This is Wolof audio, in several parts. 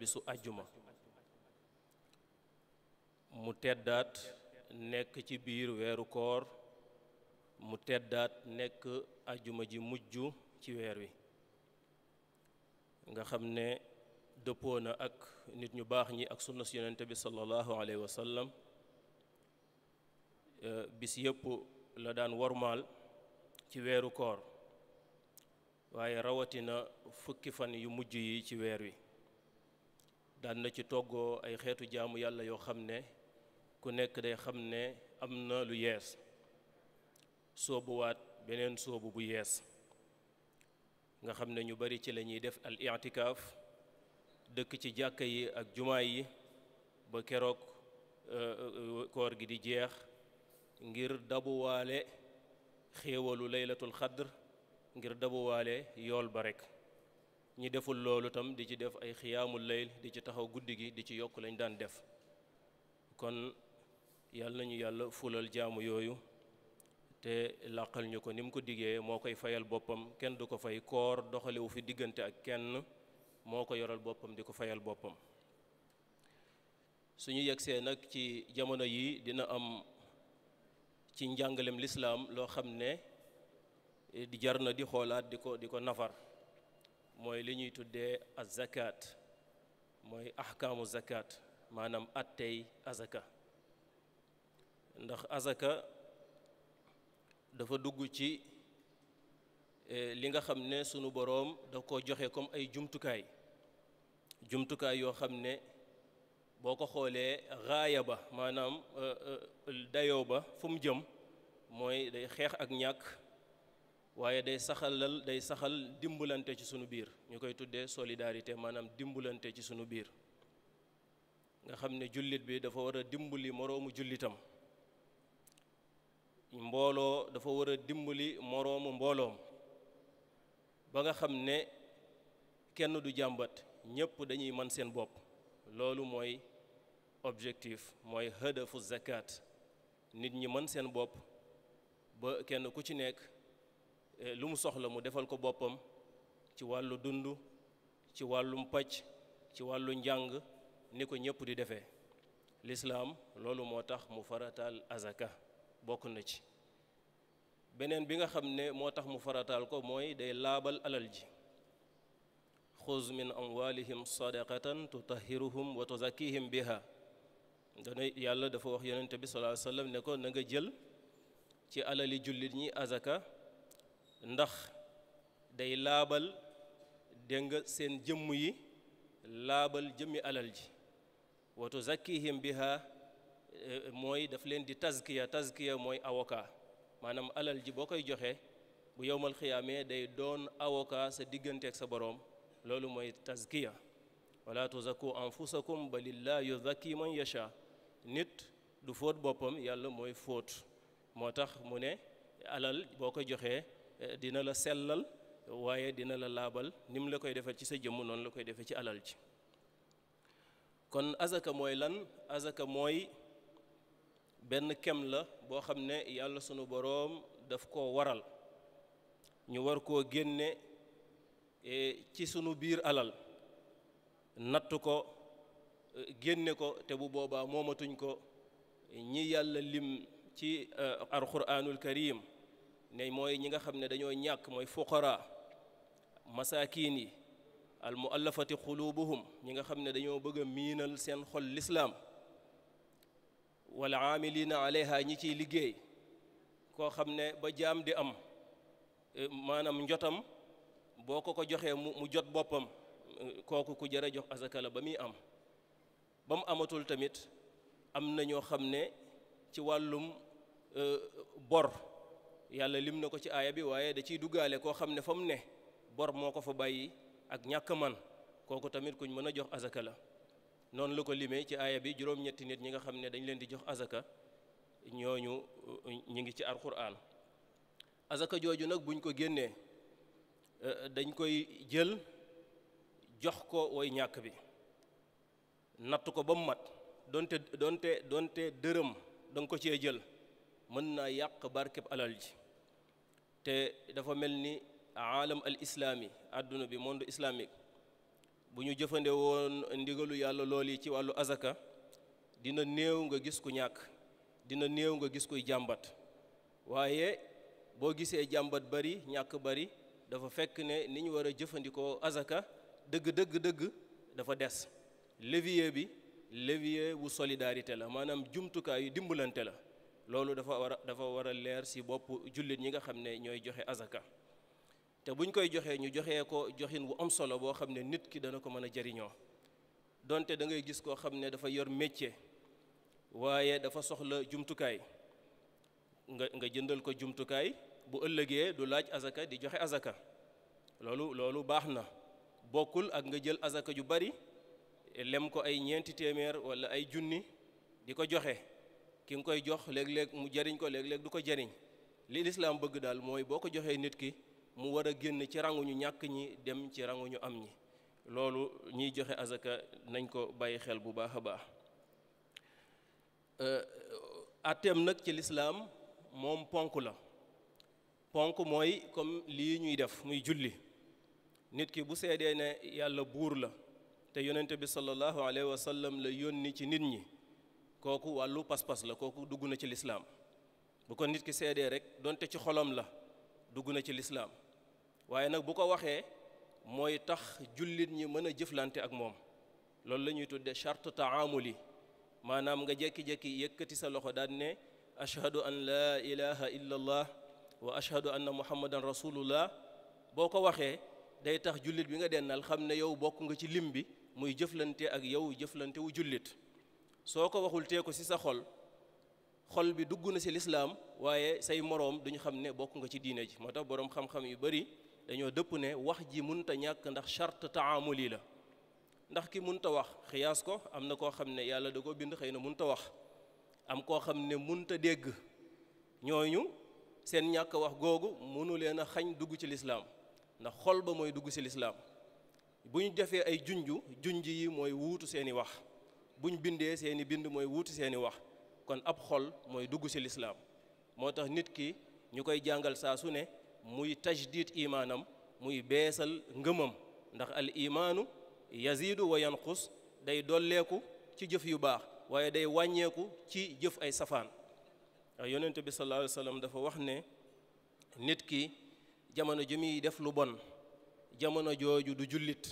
bisu àjjuma mu teddaat nekk ci biir weeru koor mu teddaat nekk àjjuma ji mujj ci weer wi nga xam ne dëppoo na ak nit ñu baax ñi ak sunna si yonente bi sallallahu alayhi wa eh, bis yépp la daan wormaal ci weeru koor waaye rawatina fukki fan yu mujj yi ci weer wi daan na ci toggoo ay xeetu jaamu yàlla yoo xam ne ku nekk day xam ne am na lu yees soobuwaat beneen soobu bu yees nga xam ne ñu bari ci la ñuy def al i'tikaaf dëkk ci jàkka yi ak jumaa yi ba keroog euh, euh, koor gi di jeex ngir dabuwaale xéewalu laylatul xadr ngir dabuwaale yool ba rekk ñi deful loolu tam di ci def ay xiyaamul layl di ci taxaw guddi gi di ci yokk lañu daan def kon yàlla nañu yàlla fulal jaamu yooyu te làqal ñu ko ni mu ko diggee moo koy fayal boppam kenn du ko fay koor doxalewu fi diggante ak kenn moo ko yoral boppam di ko fayal boppam su suñu yegsee nag ci jamono yi dina am ci njàngalem lislaam loo xam ne eh, di jar na di xoolaat di ko di ko nafar mooy li ñuy tuddee azakaat mooy ahkaamu zakat maanaam attey azaka ndax azaka dafa dugg ci e, li nga xam ne sunu boroom da ko joxe comme ay jumtukaay jumtukaay yoo xam ne boo ko xoolee raaya ba maanaam e, e, dayo ba fu mu jëm mooy day xeex ak ñàkk waaye day saxalal day saxal dimbulante ci sunu biir ñu koy tuddee solidarité maanaam dimbulante ci sunu biir nga xam ne jullit bi dafa war a dimbali moroomu jullitam mbooloo dafa war a dimbali moroomu mbooloom ba nga xam ne kenn du jàmbat ñëpp dañuy man seen bopp loolu mooy objectif mooy hëdafu zakat nit ñi man seen bopp ba kenn ku ci nekk Eh, lu mu soxla mu defal ko boppam ci wàllu dund ci wàllum paj ci wàllu njàng ni ko ñëpp di defe lislaam loolu moo tax mu farataal azaka bokk na ci beneen bi nga xam ne moo tax mu farataal ko mooy day laabal alal ji xuz min amwalihim sadaqatan tutahhiruhum wa biha yàlla dafa wax yonente bi sallallahu alayhi wasallam ne ko na nga jël ci alali jullit ñi azaka ndax day laabal dégg nga seen jëmm yi laabal jëmmi alal ji wa tuzakkihim biha eh, mooy daf leen di tazkiya tazkiya mooy awoka maanaam alal ji boo koy joxee bu yowmal xiyaamee day doon awoka sa diggante ak sa boroom loolu mooy tazkiya wala tuzakku anfusakum balillah yuzakki man yasha nit du fóot boppam yàlla mooy fóot moo tax mu ne alal boo ko joxee Eh, dina la sellal waaye dina la laabal ni mu la koy defee ci sa jëmm noonu la koy defee ci alal ji kon azaka mooy lan azaka mooy benn kem la boo xam ne yàlla sunu boroom daf koo waral ñu war koo génne eh, ci sunu biir alal natt ko eh, génne ko te bu boobaa moomatuñ ko ñi yàlla lim ci alxuraanul karim ne mooy ñi nga xam ne dañoo ñàkk mooy fuqara masaakiin yi al muallafati xuluubuhum ñi nga xam ne dañoo bëgg a miinal seen xol lislaam wal aamilina aleyha ñi ciy liggéey koo xam ba jaam di am maanaam njotam boo ko ko mu jot boppam kooku ku jëre jox azaka la am ba amatul tamit am na ñoo ci wàllum bor yàlla lim na ko ci aaya bi waaye da ciy duggaale koo xam ne fa mu ne bor moo ko fa bàyyi ak ñàkk man kooku tamit kuñ mën a jox azaka la noonu la ko limee ci aaya bi juróom-ñetti nit ñi nga xam ne dañ leen di jox azaka ñooñu ñi ngi ci alxuraan azaka jooju nag buñ ko génnee eh, dañ koy jël jox ko woy ñàkk bi natt ko ba mu mat donte donte donte dërëm da nga ko cee jël mën naa yàq barkeb alal ji te dafa mel ni aalam al islaami àdduna bi monde islamique bu ñu jëfande woon ndigalu yàlla lool yi ci wàllu azaka dina néew nga gis ku ñàkk dina néew nga gis kuy jàmbat waaye boo gisee jàmbat bari ñàkk bari dafa fekk ne ni ñu war a jëfandikoo azaka dëgg dëgg dëgg dafa des levier bi levier bu solidarité la maanaam jumtukaayu yu dimbalante la loolu dafa war a dafa war a leer si bopp jullit ñi nga xam ne ñooy joxe azaka te buñ koy joxee ñu joxe ko joxin bu am solo boo xam ne nit ki dana ko mën a jariñoo donte da ngay gis koo xam ne dafa yor métier waaye dafa soxla jumtukaay nga nga jëndal ko jumtukaay bu ëllëgee du laaj azaka di joxe azaka loolu loolu baax na bokkul ak nga jël azaka ju bari lem ko ay ñeenti téeméer walla ay junni di ko joxe ki nga koy jox léeg-léeg mu jariñ ko léeg-léeg du ko jariñ li lislaam bëgg daal mooy boo ko joxee nit ki mu war a génn ci rangu ñu ñàkk ñi dem ci rangu ñu am ñi loolu ñuy joxe azaka nañ ko bàyyi xel bu baax a baax euh, atteem nag ci lislaam moom ponk la ponk mooy comme lii ñuy def muy julli nit ki bu seedee ne yàlla buur la te yonente bi sallallahu alayhi wa sallam la yónni ci nit ñi kooku wàllu pas-pas la kooku dugg na ci lislaam bu ko nit ki seedee rek donte ci xolam la dugg na ci lislaam waaye nag bu ko waxee mooy tax jullit ñi mën a jëflante ak moom loolu la ñuy tuddee charte taamuli maanaam nga jekki-jekki yëkkati sa loxo daan ne ashhadu an laa ilaha illa allah wa ashhadu anna muhammadan rasulullah boo ko waxee day tax jullit bi nga dennal xam ne yow bokk nga ci lim bi muy jëflante ak yow jëflantewu wu jullit soo ko waxul tee ko ci sa xol xol bi dugg na ci lislaam waaye say moroom duñu xam ne bokk nga ci diine ji moo tax boroom xam-xam yu bari dañoo dëpp ne wax ji munta ñàkk ndax charte taamuli la ndax ki munta wax xiyaas ko am na koo xam ne yàlla da koo bind xëy na munta wax am koo xam ne munta dégg ñooñu seen ñàkk wax googu mënu leen a xañ dugg ci lislaam ndax xol ba mooy dugg ci lislaam bu ñu defee ay junju junj yi mooy wuutu seeni wax buñ bindee seeni bind mooy wuti seeni wax kon ab xol mooy dugg ci lislaam moo tax nit ki ñu koy jàngal saa su ne muy tajdid imaanam muy beesal ngëmam ndax al imaanu yazidu wa yanqus day dolleeku ci jëf yu baax waaye day wàññeeku ci jëf ay safaan ndax yonent bi sallallahu alayhi dafa wax ne nit ki jamono ji muy def lu bon jamono jooju du jullit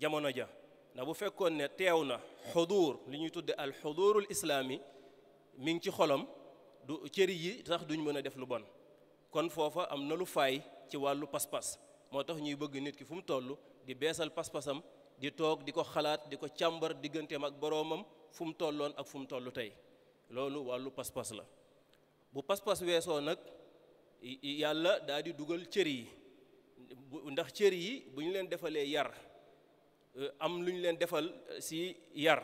jamono ja ndax bu fekkoon ne teew na xuduur li ñuy tudde al xuduurul islaami mi ngi ci xolam du cëri yi tax duñ mën a def lu bon kon foofa am na lu faay ci wàllu pas-pas moo tax ñuy bëgg nit ki fu mu toll di beesal pas-pasam di toog di ko xalaat di ko càmbar digganteem ak boroomam fu mu tolloon ak fu mu toll tey loolu wàllu pas-pas la bu pas-pas weesoo nag yàlla daal di dugal cër yi ndax cër yi bu ñu leen defalee yar am lu ñu leen defal euh, si yar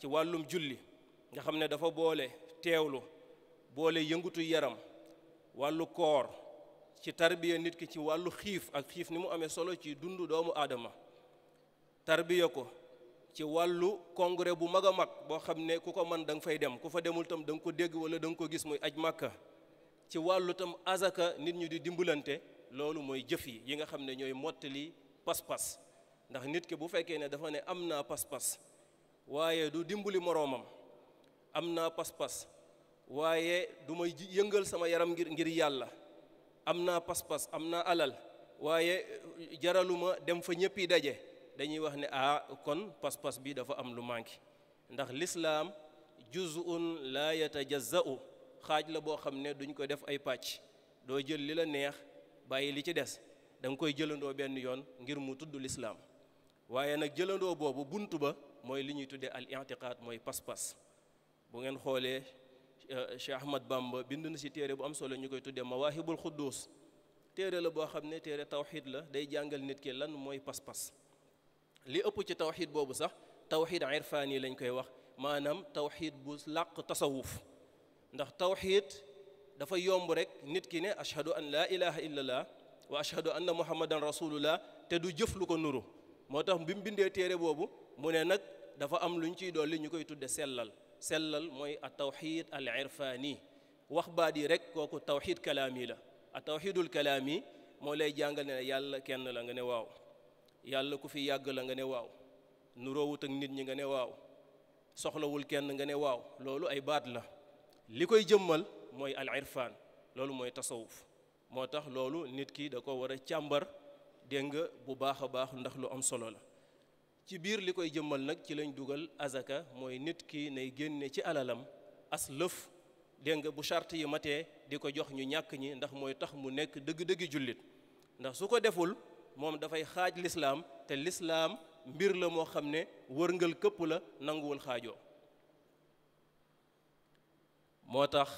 ci wàllum julli nga xam ne dafa boole teewlu boole yëngutu yaram wàllu koor ci tarbiya nit ki ci wàllu xiif ak xiif ni mu amee solo ci dundu doomu aadama tarbiya ko ci wàllu congrès bu mag a mag boo xam ne ku ko man da fay dem ku fa demul tam da ko dégg wala da nga ko gis muy aj màkka ci wàllu tam azaka nit ñu di dimbalante loolu mooy jëf yi yi nga xam ne ñooy mottali pas-pas ndax nit ki bu fekkee ne dafa ne am naa pas-pas waaye du dimbali moroomam am naa pas-pas waaye du may yëngal sama yaram ngir ngir yàlla am naa pas-pas am naa alal waaye jaraluma dem fa ñëppi daje dañuy wax ne ah kon pas-pas bi dafa am lu manqué ndax lislaam juz'un laa yatajaza'u xaaj la boo xam ne duñ ko def ay pàcc doo jël li la neex bàyyi li ci des danga koy jëlandoo benn yoon ngir mu tudd lislaam waaye nag jëlandoo boobu bunt ba mooy li ñuy tuddee al i'tiqaad mooy pas-pas bu ngeen xoolee Cheikh Ahmad Bamba bind na ci téere bu am solo ñu koy tuddee Mawaahibul Xudduus téere la boo xam ne téere tawxiid la day jàngal nit ki lan mooy pas-pas li ëpp ci tawxiid boobu sax tawxiid irfaan yi lañ koy wax maanaam tawxiid bu làq tasawuf ndax tawxiid dafa yomb rek nit ki ne ashhadu an la ilaha illallah wa ashhadu anna muhammadan rasulullah te du jëf lu ko nuru motax tax bindé téré bobu mune nak dafa am luñ ciy dolli ñukoy tudde selal selal moy at tawhid al irfani wax baadi rek koku tawhid kalami la a tawxidul kalami mo lay jàngal ne yàlla kenn la nga ne waw yàlla ku fi yag la nga ne waw waaw nuroowut ak nit ñi nga ne waw soxla wul kenn nga ne waw lolu ay baat la likoy jëmmal moy al irfan lolu moy tasawuf motax lolu nit ki da ko wara chamber dégg nga bu baax a baax ndax lu am solo la ci biir li koy jëmmal nag ci lañ dugal azaka mooy nit ki nay génne ci alalam as lëf dégg nga bu charte yi matee di ko jox ñu ñàkk ñi ndax mooy tax mu nekk dëgg-dëggi jullit ndax su ko deful moom dafay xaaj lislaam te lislaam mbir la moo xam ne wërngël këpp la nanguwul xaajoo moo tax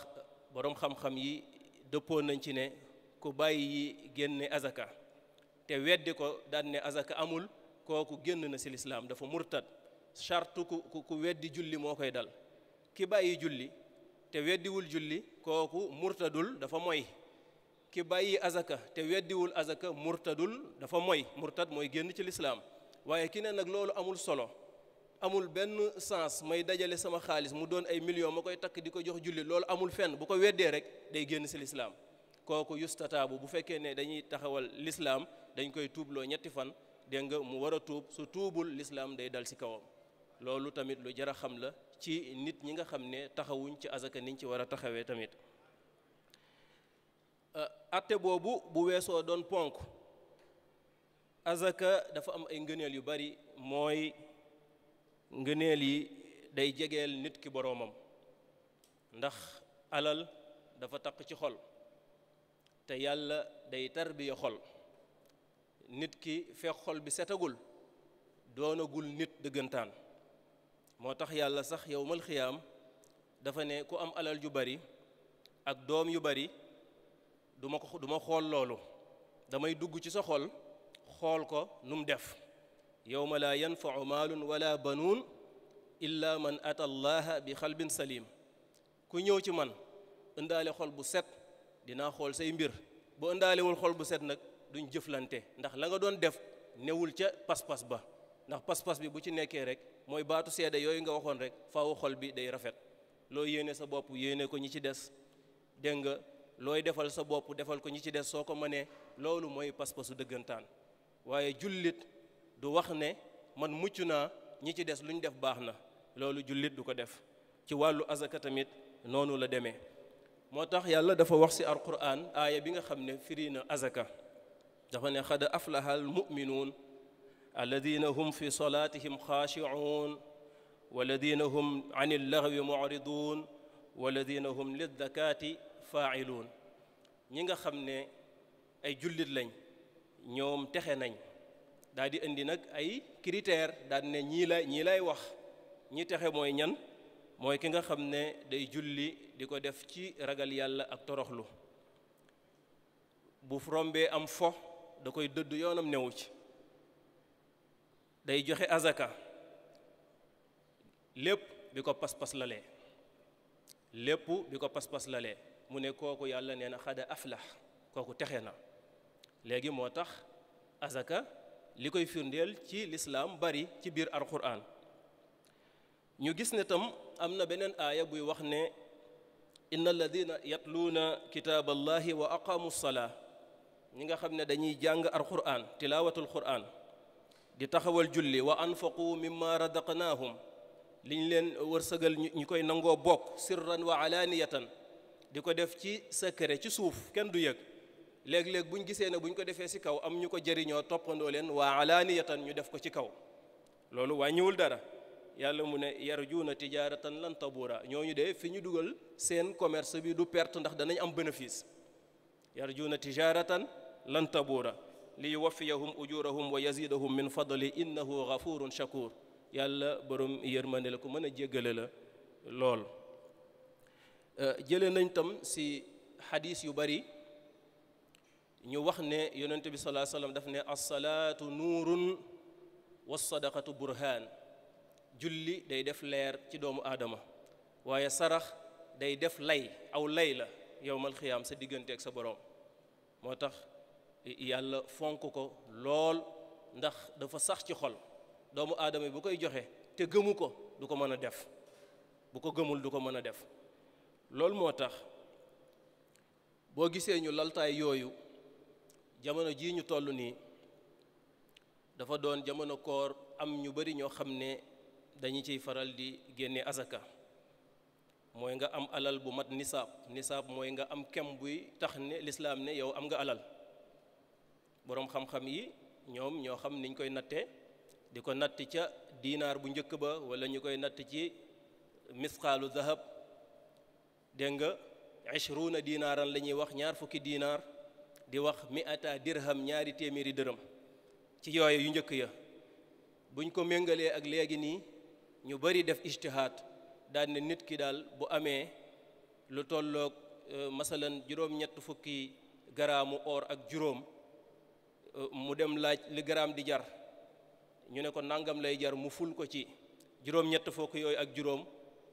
boroom xam-xam yi dëppoo nañ ci ne ku bàyyi yi génne azaka te weddi ko daan ne azaka amul kooku génn na si lislaam dafa murtad chartu ku ku weddi julli moo koy dal ki bàyyi julli te weddiwul julli kooku murtadul dafa moy ki bàyyi azaka te weddiwul azaka murtadul dafa moy murtad mooy génn ci lislaam waaye ki neen nag loolu amul solo amul benn sens may dajale sama xaalis mu doon ay million ma koy takk di ko jox julli loolu amul fenn bu ko weddee rek day génn si lislaam kooku yustataabu bu fekkee ne dañuy lislaam dañ koy tuubloo ñetti fan dégg nga mu war a tuub su tuubul lislaam day dal ci kawam loolu tamit lu jar a xam la ci nit ñi nga xam ne taxawuñ ci azaka niñ ci war a taxawee tamit euh, atte boobu bu weesoo doon ponk azaka dafa am ay ngëneel yu bari mooy ngëneel yi day jegeel nit ki boroomam ndax alal dafa takk ci xol te yàlla day tarbiya xol nit ki fekk xol bi setagul gul nit deugantan motax yàlla sax yawmal khiyam dafa ne ku am alal ju bari ak dom yu bari duma ko duma xol lolu damay dugg ci sa xol xol ko num def yawma la yanfau malun wala banun illa man ata allah bi xalbin salim ku ñëw ci man ëndalé xol bu set dina xol say mbir bu wul xol bu set nak duñ jëflante ndax la nga doon def newul ca pas-pas ba ndax pas-pas bi bu ci nekkee rek mooy baatu seede yooyu nga waxoon rek faw xol bi day rafet loo yéene sa bopp yéene ko ñi ci des dégg nga looy defal sa bopp defal ko ñi ci des soo ko mënee loolu mooy pas-pasu dëggantaan waaye jullit du wax ne man mucc naa ñi ci des lu ñu def baax na loolu jullit du ko def ci wàllu azaka tamit noonu la demee moo tax yàlla dafa wax si ci alquran aaya bi nga xam ne firi na azaka dafa ne xad aflaha almuminuun alladina hum fi salaatihim xaashicuun walladina hum an illahwi muriduun walladina hum lizzakaati faaciluun ñi nga xam ne ay jullit lañ ñoom texe nañ daal di indi nag ay critères daal di ne ñii lay ñii lay wax ñi texe mooy ñan mooy ki nga xam ne day julli di ko def ci ragal yàlla ak toroxlu bu rombee am fo da koy dëdd yoonam newu ci day joxe azaka lépp bi ko pas-pas lalee lépp bi ko pas-pas lalee mu ne kooku yàlla nee na xada aflax kooku texe na léegi moo tax azaka li koy firndeel ci lislaam bari ci biir alquran ñu gis ne tam am na beneen aaya buy wax ne inna alladina yatluuna kitaaba allahi wa aqaamu salaa ñi nga xam ne dañuy jàng alquran tilaawatul quran di taxawal julli wa anfaqu mimma radaqnaahum li ñu leen wërsëgal ñu koy nangoo bokk sirran wa alaaniyatan di ko def ci secret ci suuf kenn du yëg léeg-léeg bu ñu gisee ne bu ñu ko defee si kaw am ñu ko jëriñoo toppandoo leen wa alaaniyatan ñu def ko ci kaw loolu wàññiwul dara yàlla mu ne yarjuuna tijaaratan lan tabuura ñooñu de fi ñu dugal seen commerce bi du perte ndax danañ am bénéfice yarjuuna tijaaratan لن تبور ليوفيهم اجورهم ويزيدهم من فضل انه غفور شكور يلا بروم يرمان لكم من جيغل لا لول جيل نانتم سي حديث يبري ني وخ يونت بي صلى الله عليه وسلم دافني الصلاه نور والصدقه برهان جولي داي ديف لير سي دومو ادمه waye sarax day def lay aw lay la yowmal xiyaam sa diggante ak yàlla fonk ko lool ndax dafa sax ci xol doomu aadama bu koy joxe te gëmu ko du ko mën a def bu ko gëmul du ko mën a def loolu moo tax boo gisee ñu laltaay yooyu jamono jii ñu toll nii dafa doon jamono koor am ñu bari ñoo xam ne dañu ciy faral di génne azaka mooy nga am alal bu mat nisaab nisaab mooy nga am kem buy tax ne lislaam ne yow am nga alal boroom xam-xam yi ñoom ñoo xam niñ koy natte di ko natt ca diinaar bu njëkk ba wala ñu koy natt ci misqaalu zahab dégg nga ishruuna diinaaran la ñuy wax ñaar fukki diinaar di wax mi mi'ata dirham ñaari téeméeri dërëm ci yooyu yu njëkk ya buñ ko méngalee ak léegi nii ñu bari def ijtihaad daal nit ki daal bu amee lu tollook euh, masalan juróom-ñett fukki garaamu or ak juróom Euh, mu dem laaj li garaam di jar ñu ne ko nangam lay jar mu ful ko ci juróom-ñett fukk yooyu ak juróom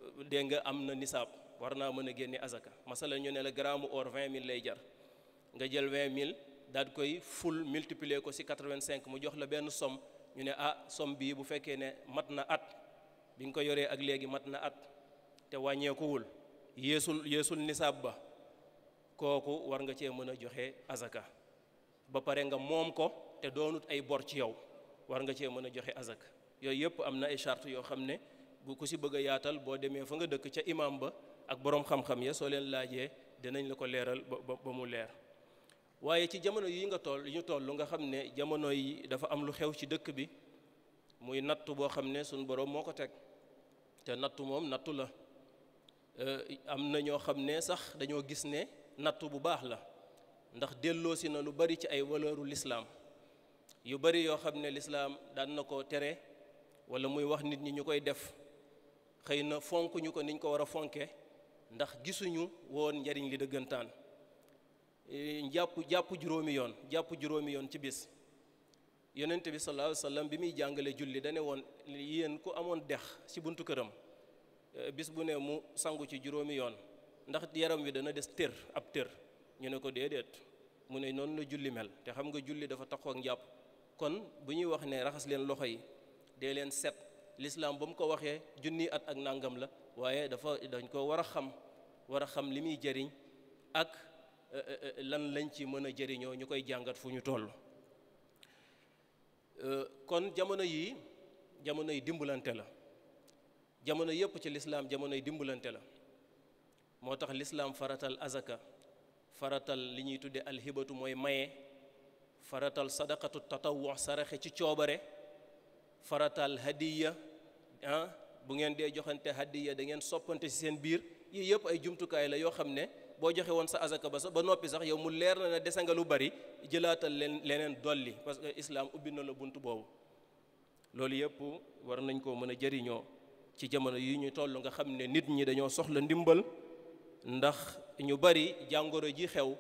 euh, dégg nga am na nisaab war naa mën a génne azaka masala ñu ne la garaamu or vingt mille lay jar nga jël vingt mille daal koy ful multiplier ko si quatre-vingt-cinq mu jox la benn somme ñu ne ah somme bii bu fekkee ne mat na at bi nga ko yoree ak léegi mat na at te wàññeekuwul yéesu yéesul nisaab ba kooku war nga cee mën a joxe azaka ba pare nga moom ko te doonut ay bor ci yow war nga cee mën a joxe azak yooyu yëpp am na ay charte yoo xam ne bu ku si bëgg a yaatal boo demee fa nga dëkk ca imam ba ak boroom xam-xam ya soo leen laajee dinañ la ko leeral ba ba mu leer waaye ci jamono yi nga toll yi ñu toll nga xam ne jamono yi dafa am lu xew ci dëkk bi muy natt boo xam ne suñ boroom moo ko teg te nattu moom nattu la am na ñoo xam ne sax dañoo gis ne nattu bu baax la ndax delloosi na lu bari ci ay waleeru lislaam yu bari yoo xam ne lislaam daan na ko tere wala muy wax nit ñi ñu koy def xëy na fonk ñu ko niñ ko war a fonke ndax gisuñu woon njariñ li dëggantaan e, jàpp jàpp juróomi yoon jàpp juróomi yoon ci bis yonent bi sallallahu alayhi wa bi muy jàngale julli dane woon yéen ku amoon dex ci buntu këram e, bis bu ne mu sangu ci juróomi yoon ndax yaram wi dana des tër ab tër ñu ne ko déedéet mu ne noonu la julli mel te xam nga julli dafa taxoo ak njàpp kon bu ñuy wax nee raxas leen loxo yi de leen set lislaam ba mu ko waxee junni at ak nàngam la waaye dafa dañ ko war a xam war a xam li muy jariñ ak euh, euh, euh, lan lañ ci mën a jariñoo ñu koy jàngat fu ñu toll kon jamono yii jamono yi dimbalante la jamono yëpp ci lislaam jamono dimbalante la moo tax lislaam faratal azaka faratal li ñuy tudde alhibatu mooy maye faratal sadaqatu tatawwu saraxe ci coobare faratal hadiya ah bu ngeen dee joxante hadiya da ngeen soppante ci seen biir yii yëpp ay jumtukaay la yoo xam ne boo joxe woon sa azaka ba sa ba noppi sax yow mu leer na ne dese nga lu bari jëlaatal leen dolli parce que islam ubbi na la bunt boobu loolu yëpp war nañ koo mën a jëriñoo ci jamono yi ñu toll nga xam ne nit ñi dañoo soxla ndimbal ndax ñu bari jàngoro ji xew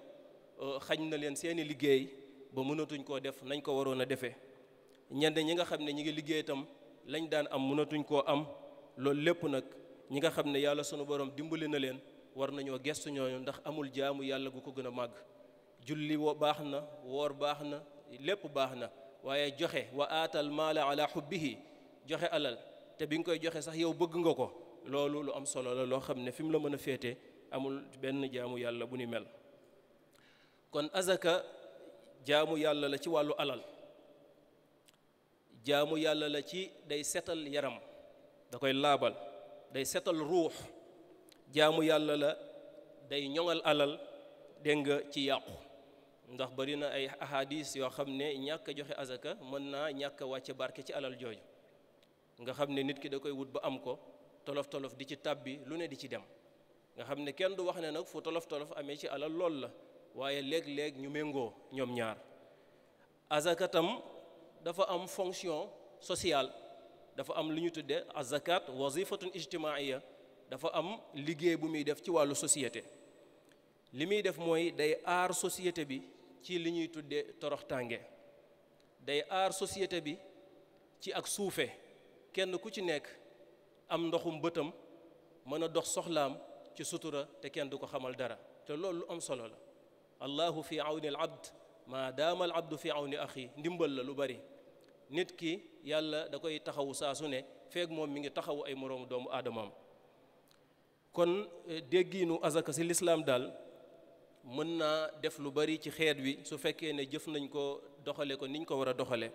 euh, xañ na leen seeni liggéey ba mënatuñ koo def nañ ko waroon a defee ñenn ñi nga xam ne ñi ngi liggéey tam lañ daan am mënatuñ koo am loolu lépp nag ñi nga xam ne yàlla sunu borom dimbali na leen war nañoo gestu ñooñu ndax amul jaamu yàlla gu ko gën a màgg julli wo baax na woor baax na lépp baax na waaye joxe wa aatal maala ala xubbihi joxe alal te bi nga koy joxe sax yow bëgg nga ko loolu lu am solo la loo xam ne fi mu la mën a féete amul benn jaamu yàlla bu ni mel kon azaka jaamu yàlla la ci wàllu alal jaamu yàlla la ci day setal yaram da koy laabal day setal ruux jaamu yàlla la day ñoŋal alal dégg nga ci yàqu ndax bari na ay ahadis yoo xam ne ñàkk joxe azaka mën naa ñàkk a wàcce barke ci alal jooju nga xam ne nit ki da koy wut ba am ko tolof tolof di ci tàbbi lu ne di ci dem nga xam ne kenn du wax ne nag fu tolof-tolof amee ci alal lool la waaye léeg-léeg ñu méngoo ñoom ñaar azakatam dafa am fonction sociale dafa am lu ñu tudde azakat wazifatun ijtimaia dafa am liggéey bu muy def ci wàllu société li muy def mooy day aar société bi ci li ñuy tudde toroxtànge day aar société bi ci ak suufe kenn ku ci nekk am ndoxum bëtam mën a dox soxlaam ci sutura te kenn du ko xamal dara te loolu lu am solo la allahu fi awni alabd abd dama alabd abdu fi awni axi ndimbal la lu bari nit ki yàlla da koy taxawu saa su ne feeg moom mi ngi taxawu ay moroomu doomu aadamaam kon déggiinu azaka si lislaam daal mën naa def lu bari ci xeet wi su fekkee ne jëf nañ ko doxale ko niñ ko war a doxale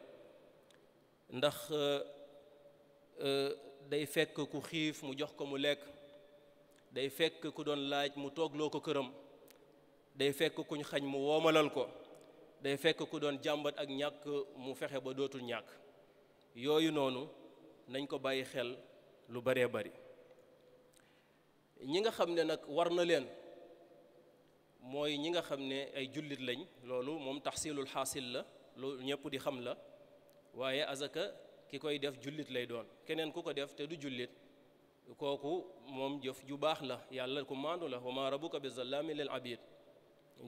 ndax day fekk ku xiif mu jox ko mu lekk day fekk ku doon laaj mu toogloo ko këram day fekk kuñ xañ mu woomalal ko day fekk ku doon jàmbat ak ñàkk mu fexe ba dootul ñàkk yooyu noonu nañ ko bàyyi xel lu baree bari ñi nga xam ne nag war na leen mooy ñi nga xam ne ay jullit lañ loolu moom taxsilul xaasil la loolu ñëpp di xam la waaye azaka ki koy def jullit lay doon keneen ku ko def te du jullit koku mom jëf ju bax la yàlla ko mandu la wama rabbuka bizallami lil abid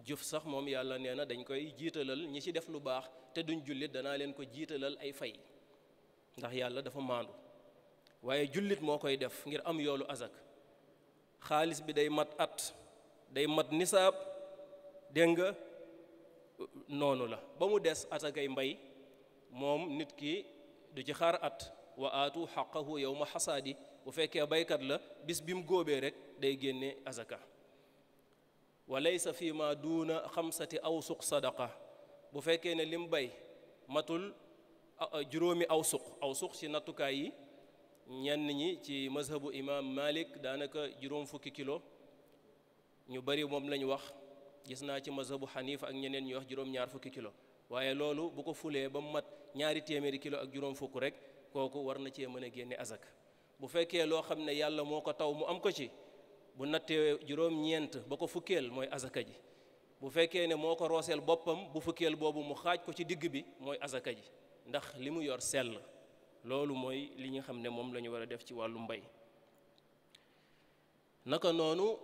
jëf sax mom yàlla neena dañ koy jitalal ñi ci def lu bax te duñ julit dana len ko jitalal ay fay ndax yàlla dafa mandu waye julit mo koy def ngir am yoolu azak khalis bi day mat at day mat nisab denga nonu la ba mu dess atakay mbay mom nit ki du ci xaar at wa atu haqqahu yawma hasadi bu fekkee baykat la bis bi mu góobee rek day génne azaka wa laysa fi ma duuna xamsati awsuq sadaqa bu fekkee ne lim bay matul juróomi awsuq awsuq ci nattukaay yi ñenn ñi ci mazhabu imam malik daanaka juróom fukki kilo ñu bari moom lañu wax gis naa ci mazhabu xaniif ak ñeneen ñuy wax juróom ñaar fukki kilo waaye loolu bu ko fulee ba mu mat ñaari téeméeri kilo ak juróom fukk rek kooku war na cee mën a génne azaka bu fekkee loo xam ne yàlla moo ko taw mu am ko ci bu nattee juróom-ñeent ba ko fukkeel mooy azaka ji bu fekkee ne moo ko rooseel boppam bu fukkeel boobu mu xaaj ko ci digg bi mooy azaka ji ndax li mu yor sell loolu mooy li nga xam ne moom lañu ñu war a def ci wàllu mbay naka noonu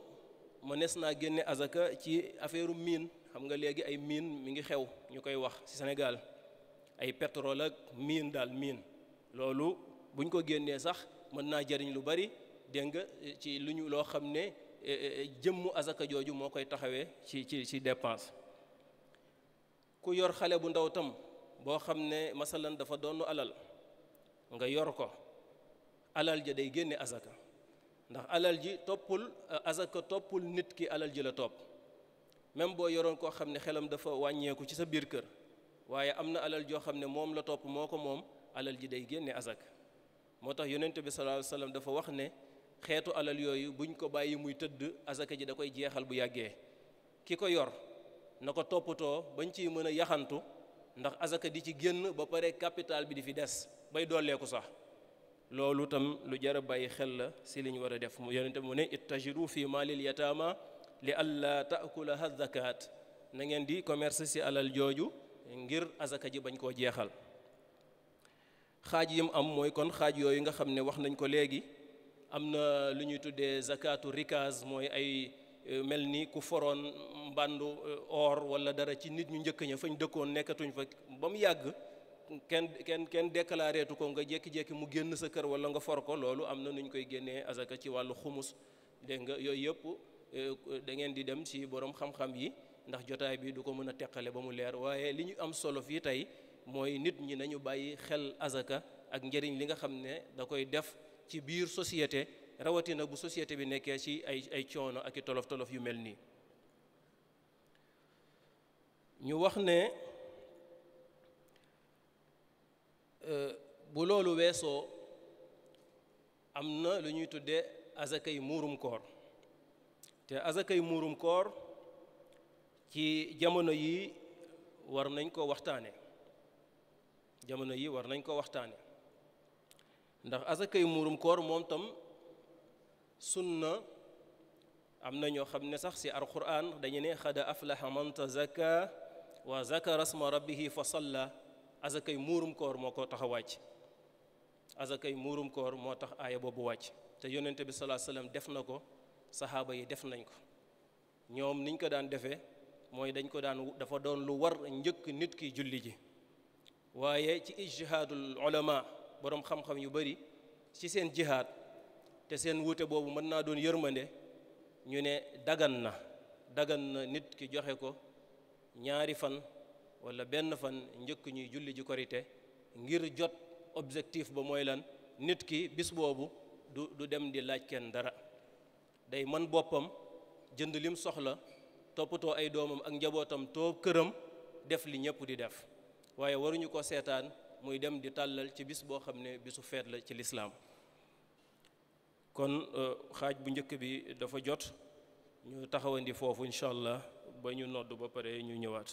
mënees naa génne azaka ci affaire mine xam nga léegi ay mine mi ngi xew ñu koy wax ci Sénégal ay pétrole ak mine daal mine loolu buñ ko génnee sax mën naa jëriñ lu bari dégg ci lu ñu loo xam ne jëmmu asaka jooju moo koy taxawee ci ci ci dépense ku yor xale bu ndaw tam boo xam ne masalan dafa doonu alal nga yor ko alal ja day génne azaka ndax alal ji toppul azaka toppul nit ki alal ji la topp même boo yoroon koo xam ne xelam dafa wàññeeku ci sa biir kër waaye am na alal joo xam ne moom la topp moo ko moom alal ji day génne azaka motax tax yonent bi sallallahu alayhi wasallam dafa wax ne xeetu alal yoyu buñ ko bàyyi muy teud asaka ji da koy jeexal bu yagge kiko yor nako topoto bañ ci mën yahantu ndax asaka di ci génn ba pare capital bi di fi dess bay ko sax lolou tam lu jara a bàyyi xel la si liñ wara def mu mu ne ittajiru fi malil yatama li alla taakula ha zakat na ngeen di commerce ci alal joju ngir asaka ji bañ ko jéxal xaaj yi mu am mooy kon xaaj yooyu nga xam ne wax nañ ko léegi am na lu ñuy tuddee zakatu rikaz mooy ay euh, mel ni ku foroon mbàndu euh, or wala dara ci nit ñu njëkk ña fañ dëkkoon nekkatuñ fa ba mu yàgg kenn kenn kenn déclareetu ko nga jékki-jékki mu génn sa kër wala nga for ko loolu am na nu ñu koy génnee azaka ci wàllu xumus dégg nga yooyu yëpp euh, da ngeen di dem ci borom xam-xam yi ndax jotaay bii du ko mën a teqale ba mu leer waaye li ñu am solo fii tey mooy nit ñi nañu bàyyi xel azaka ak njëriñ li nga xam ne da koy def ci biir société rawatina bu société bi nekkee ci ay ay coono ak i tolof tolof yu mel nii ñu wax ne euh, bu loolu weesoo am na lu ñuy tuddee azakay muurum koor te yi muurum koor ci jamono yi war nañ ko waxtaane jamono yi war nañ ko waxtaane ndax asakay muurum koor moom tam sunna am na ñoo xam ne sax si ci alquran dañu ne xada aflaha man tazakka wa zakara sma rabbihi fa salla asakay muurum koor moo ko taxa wàcc asakay muurum koor moo tax aaya boobu wàcc te yonente bi salaa def na ko saxaaba yi def nañ ko ñoom niñ ko daan defee mooy dañ ko daan dafa doon lu war njëkk nit ki julli ji waaye ci ijtihaadul ulama boroom xam-xam yu bari ci seen jihaad te seen wuute boobu mën naa doon yërmande ñu ne dagan na dagan na nit ki joxe ko ñaari fan walla benn fan njëkk ñuy julli ji korite ngir jot objectif ba mooy lan nit ki bis boobu du du dem di laaj kenn dara day mën boppam jënd lim soxla toppatoo ay doomam ak njabootam toog këram def li ñëpp di def waaye waruñu ko seetaan muy dem di tàllal ci bis boo xam ne bisu feet la ci lislaam kon euh, xaaj bu njëkk bi dafa jot ñu taxawandi foofu incha allah ba ñu nodd ba pare ñu ñëwaat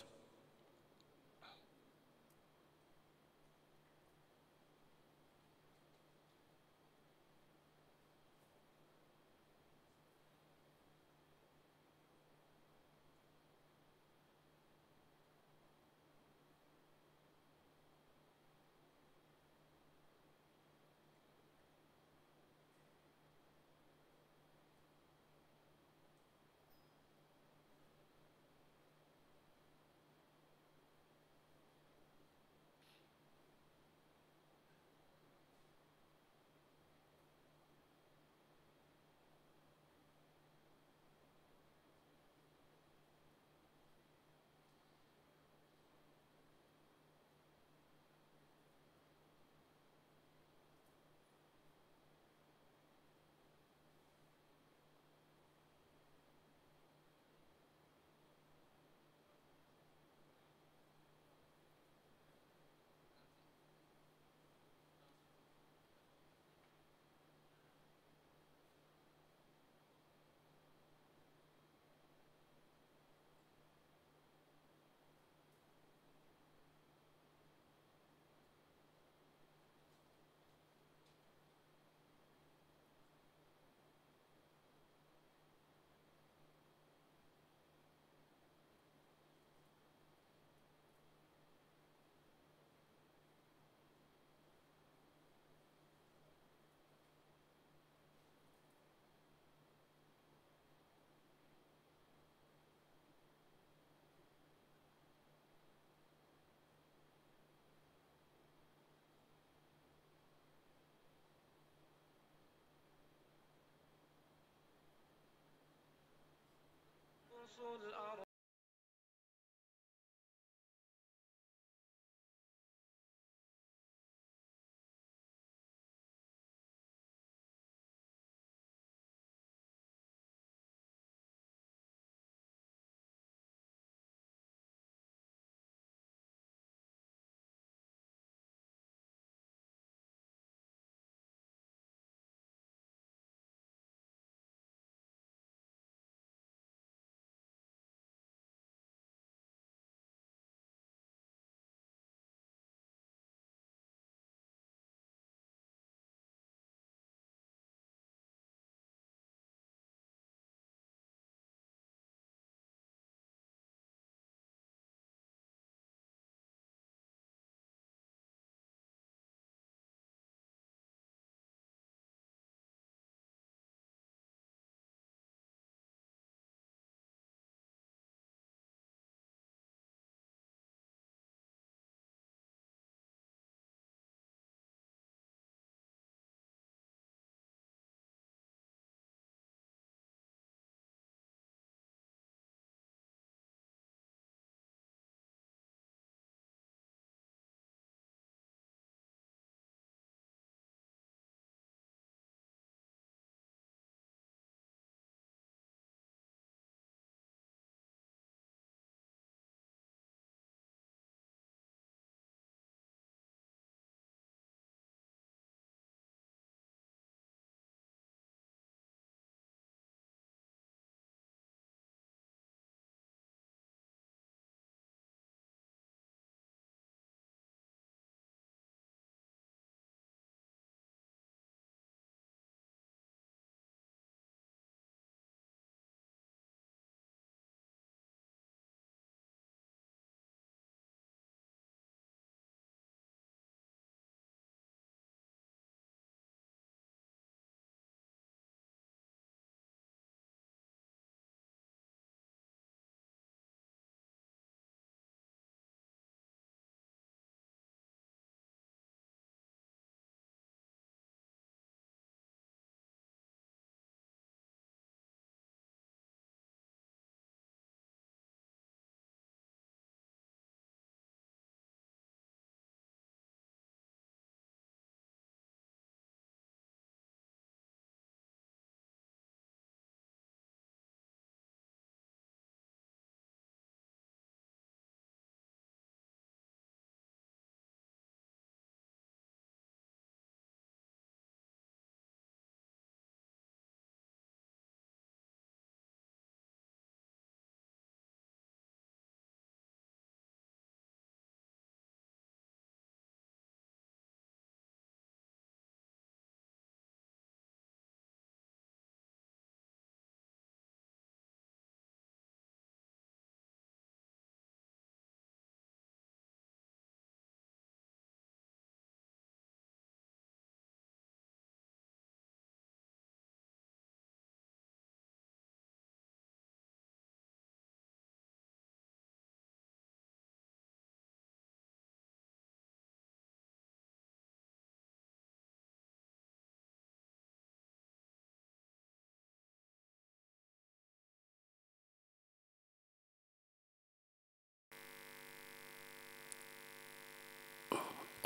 الأرض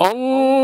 Allah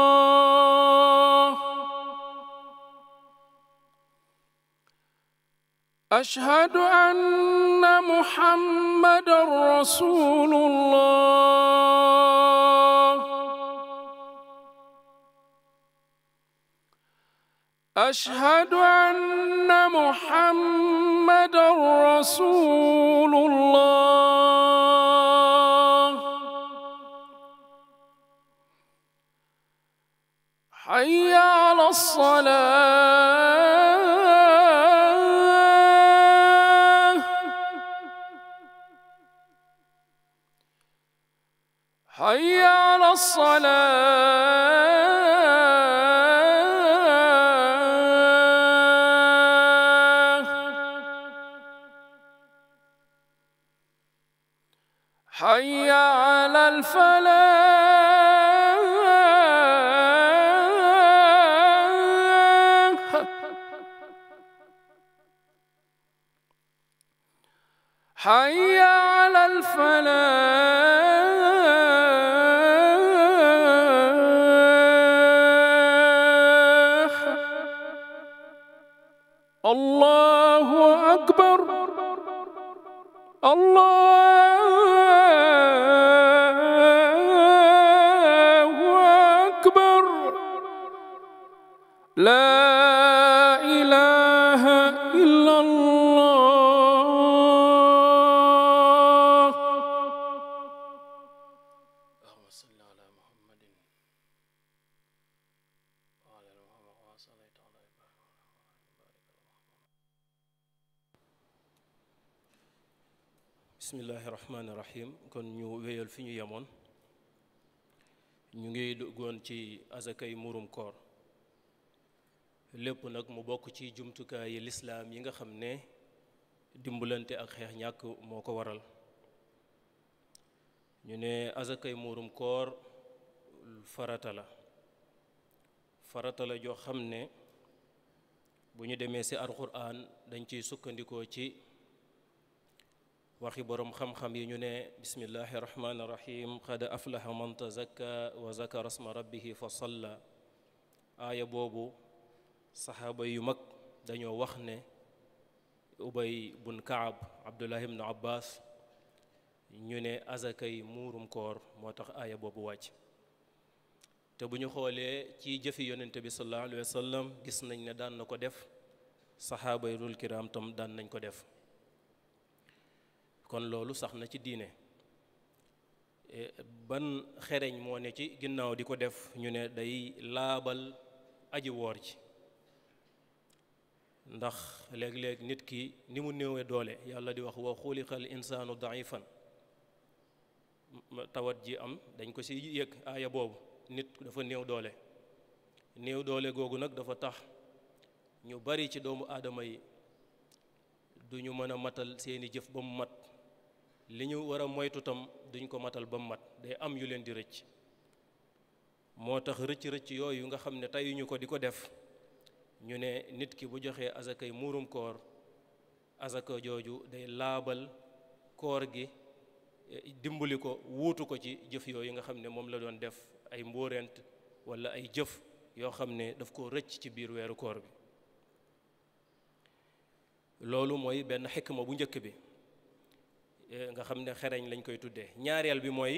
أشهد أن محمد رسول الله أشهد أن محمد رسول الله حي على الصلاة fi ñu yemoon ñu ngi duggoon ci azakay murum koor lépp nag mu bokk ci jumtukaay yi lislaam yi nga xam ne dimbalante ak xeex ñàkk moo ko waral ñu ne azakay muurum koor farata la farata la joo xam ne bu ñu demee ci alxuraan dañ ciy sukkandikoo ci waxi boroom xam-xam yi ñu ne bismillahi rahmaani rahim qad aflaha man tazakka wa zakara sma rabbihi fa salla aaya boobu saxaaba yu mag dañoo wax ne ubay bun kaab abdullah ibnu abbas ñu ne azakay muurum koor moo tax aaya boobu wàcc te bu ñu xoolee ci jëfi yonente bi sallallahu alayhi wa sallam gis nañ ne daan na ko def saxaabayrul kiram tam daan nañ ko def kon loolu sax na ci diine e, ban xereñ moo ne ci ginnaaw di ko def ñu ne day laabal aji woor ji ndax léeg-léeg nit ki ni mu néewee doole yàlla di wax wa xuliqal insaanu daifan tawat ji am dañ ko si yëg aaya boobu nit dafa néew doole néew doole googu nag dafa tax ñu bari ci doomu aadama yi duñu mën matal seeni jëf ba mu mat li ñu war a moytu tam duñ ko matal ba mu mat day am yu leen di rëcc moo tax rëcc-rëcc yooyu nga xam ne teyuñu ko di ko def ñu ne nit ki bu joxee azakay muurum koor azaka jooju day laabal koor gi e, dimbali ko wuutu ko ci jëf yooyu nga xam ne moom la doon def ay mbóorent walla ay jëf yoo xam ne daf ko rëcc ci biir weeru koor bi loolu mooy benn ma bu njëkk bi Eh, nga xam ne xereñ lañ koy tuddee ñaareel bi mooy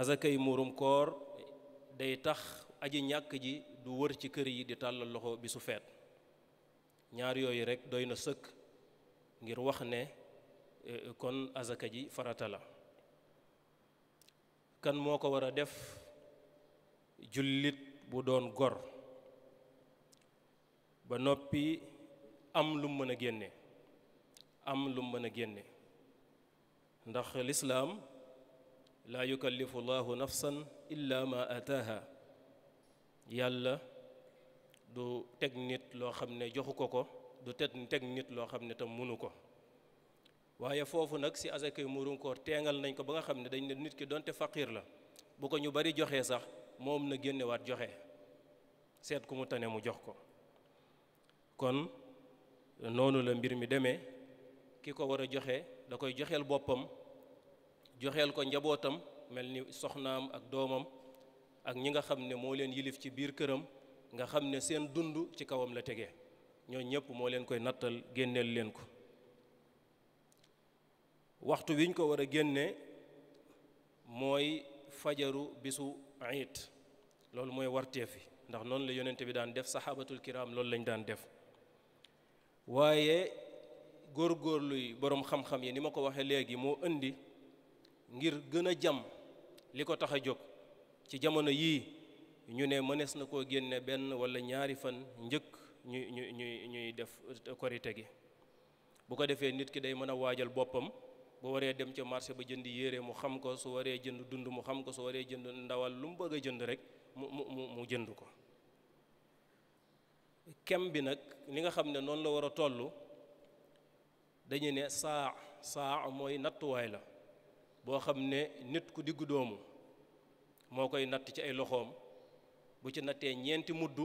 azakay muurum koor day tax aji ñàkk ji du wër ci kër yi di tàllal loxo bi su feet ñaar yooyu rek doy na sëkk ngir wax ne eh, kon azaka ji farata la kan moo ko war a def jullit bu doon gor ba noppi am lu mën a génne am lu mën a génne ndax lislaam laa yukallifu llahu nafsan illa ma ataaha yàlla du teg nit loo xam ne joxu ko ko du teg nit loo xam ne tam munu ko waaye foofu nag si asakay muurum ko teengal nañ ko ba nga xam ne dañ ne nit ki donte faqir la bu ko ñu bari joxee sax moom na génnewaat joxe seet ku mu tane mu jox ko kon noonu la mbir mi demee ki ko war a joxe da koy joxeel boppam joxeel ko njabootam mel ni soxnaam ak doomam ak ñi nga xam ne moo leen yilif ci biir këram nga xam ne seen dund ci kawam la tege ñoo ñëpp moo leen koy nattal génneel leen ko waxtu wiñ ko war a génne mooy fajaru bisu ayit loolu mooy warteefi ndax noonu la yonent bi daan def saxaabatul kiraam loolu lañ daan def waaye góorgóorlu yi boroom xam-xam yi ni ma ko waxee léegi moo indi ngir gën a jam li ko tax a jóg ci jamono yii ñu ne mënees na koo génne benn walla ñaari fan njëkk ñuy ñuy ñuy ñuy def korite gi bu ko defee nit ki day mën a waajal boppam bu waree dem ca marché ba jënd yére mu xam ko su waree jënd dund mu xam ko su waree jënd ndawal lu mu bëgg jënd rek mu mu mu jënd ko kem bi nag li nga xam ne noonu la war a toll dañu ne saa saa mooy nattuwaay la boo xam ne nit ku diggu doomu moo koy natt ci ay loxoom bu ci nattee ñeenti mudd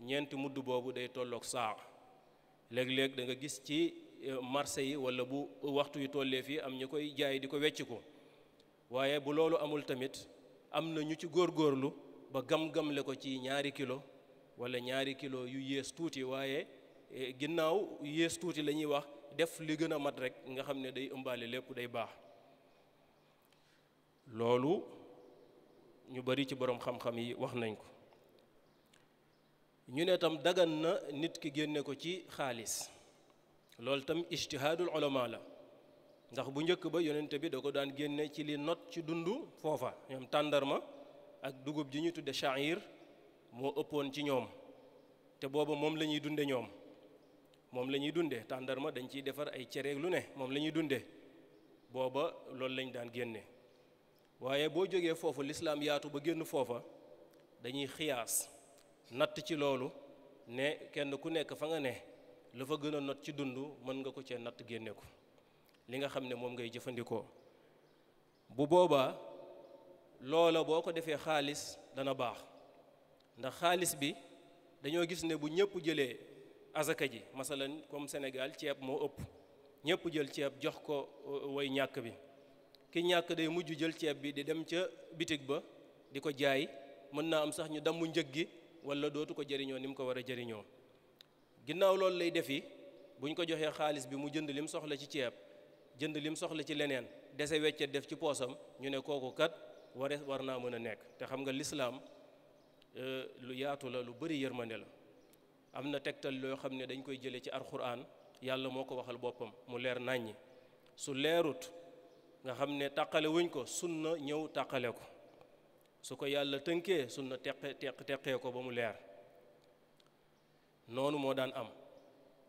ñeenti mudd boobu day tolloog saa léeg-léeg danga gis ci e, marché yi wala bu waxtu yu tollee fii am ñu koy jaay di ko wecc ko waaye bu loolu amul tamit am na ñu ci góorlu ba gam-gamle ko ci ñaari kilo wala ñaari kilo yu yées tuuti waaye e, ginnaaw yées tuuti lañuy wax def li gën a mat rek nga xam ne day ëmbaale lépp day baax loolu ñu bari ci boroom xam-xam yi wax nañ ko ñu ne tam dagan na nit ki génne ko ci xaalis loolu tam ijtihaadul ulama la ndax bu njëkk ba yonente bi da ko daan génne ci li not ci dund foofa ñoom tàndarma ak dugub ji ñu tudde sha'ir moo ëppoon ci ñoom te booba moom lañuy ñuy dunde ñoom moom la ñuy dundee tàndarma dañ ciy defar ay cereeg lu ne moom lañuy dunde booba loolu lañ daan génne waaye boo jógee foofu lislaam yaatu ba génn foofa dañuy xiyaas natt ci loolu ne kenn ku nekk fa nga ne la fa gën a not ci dund mën nga ko cee natt génne ko li nga xam ne moom ngay jëfandikoo bu boobaa loola boo ko defee xaalis dana baax ndax xaalis bi dañoo gis ne bu ñëpp jëlee azaka ji masalan comme Sénégal ceeb moo ëpp ñëpp jël ceeb jox ko euh, woy ñàkk bi ki ñàkk day mujj jël ceeb bi di dem ca bitig ba di ko jaay mën naa am sax ñu damm njëg gi wala dootu ko jëriñoo ni mu ko war a jariñoo ginnaaw loolu lay def bu buñ ko joxee xaalis bi mu jënd lim soxla ci ceeb jënd lim soxla ci leneen dese weccet def ci poosam ñu ne kooku kat ware war naa mën a nekk te xam nga lislaam euh, lu yaatu la lu bëri yërmande la am na tegtal loo xam ne dañ koy jëlee ci alxuraan yàlla moo ko waxal boppam mu leer nàññi su leerut nga xam ne taqalewuñ ko ko na ñëw taqale ko su ko yàlla tënkee sunna na teq teqee ko ba mu leer noonu moo daan am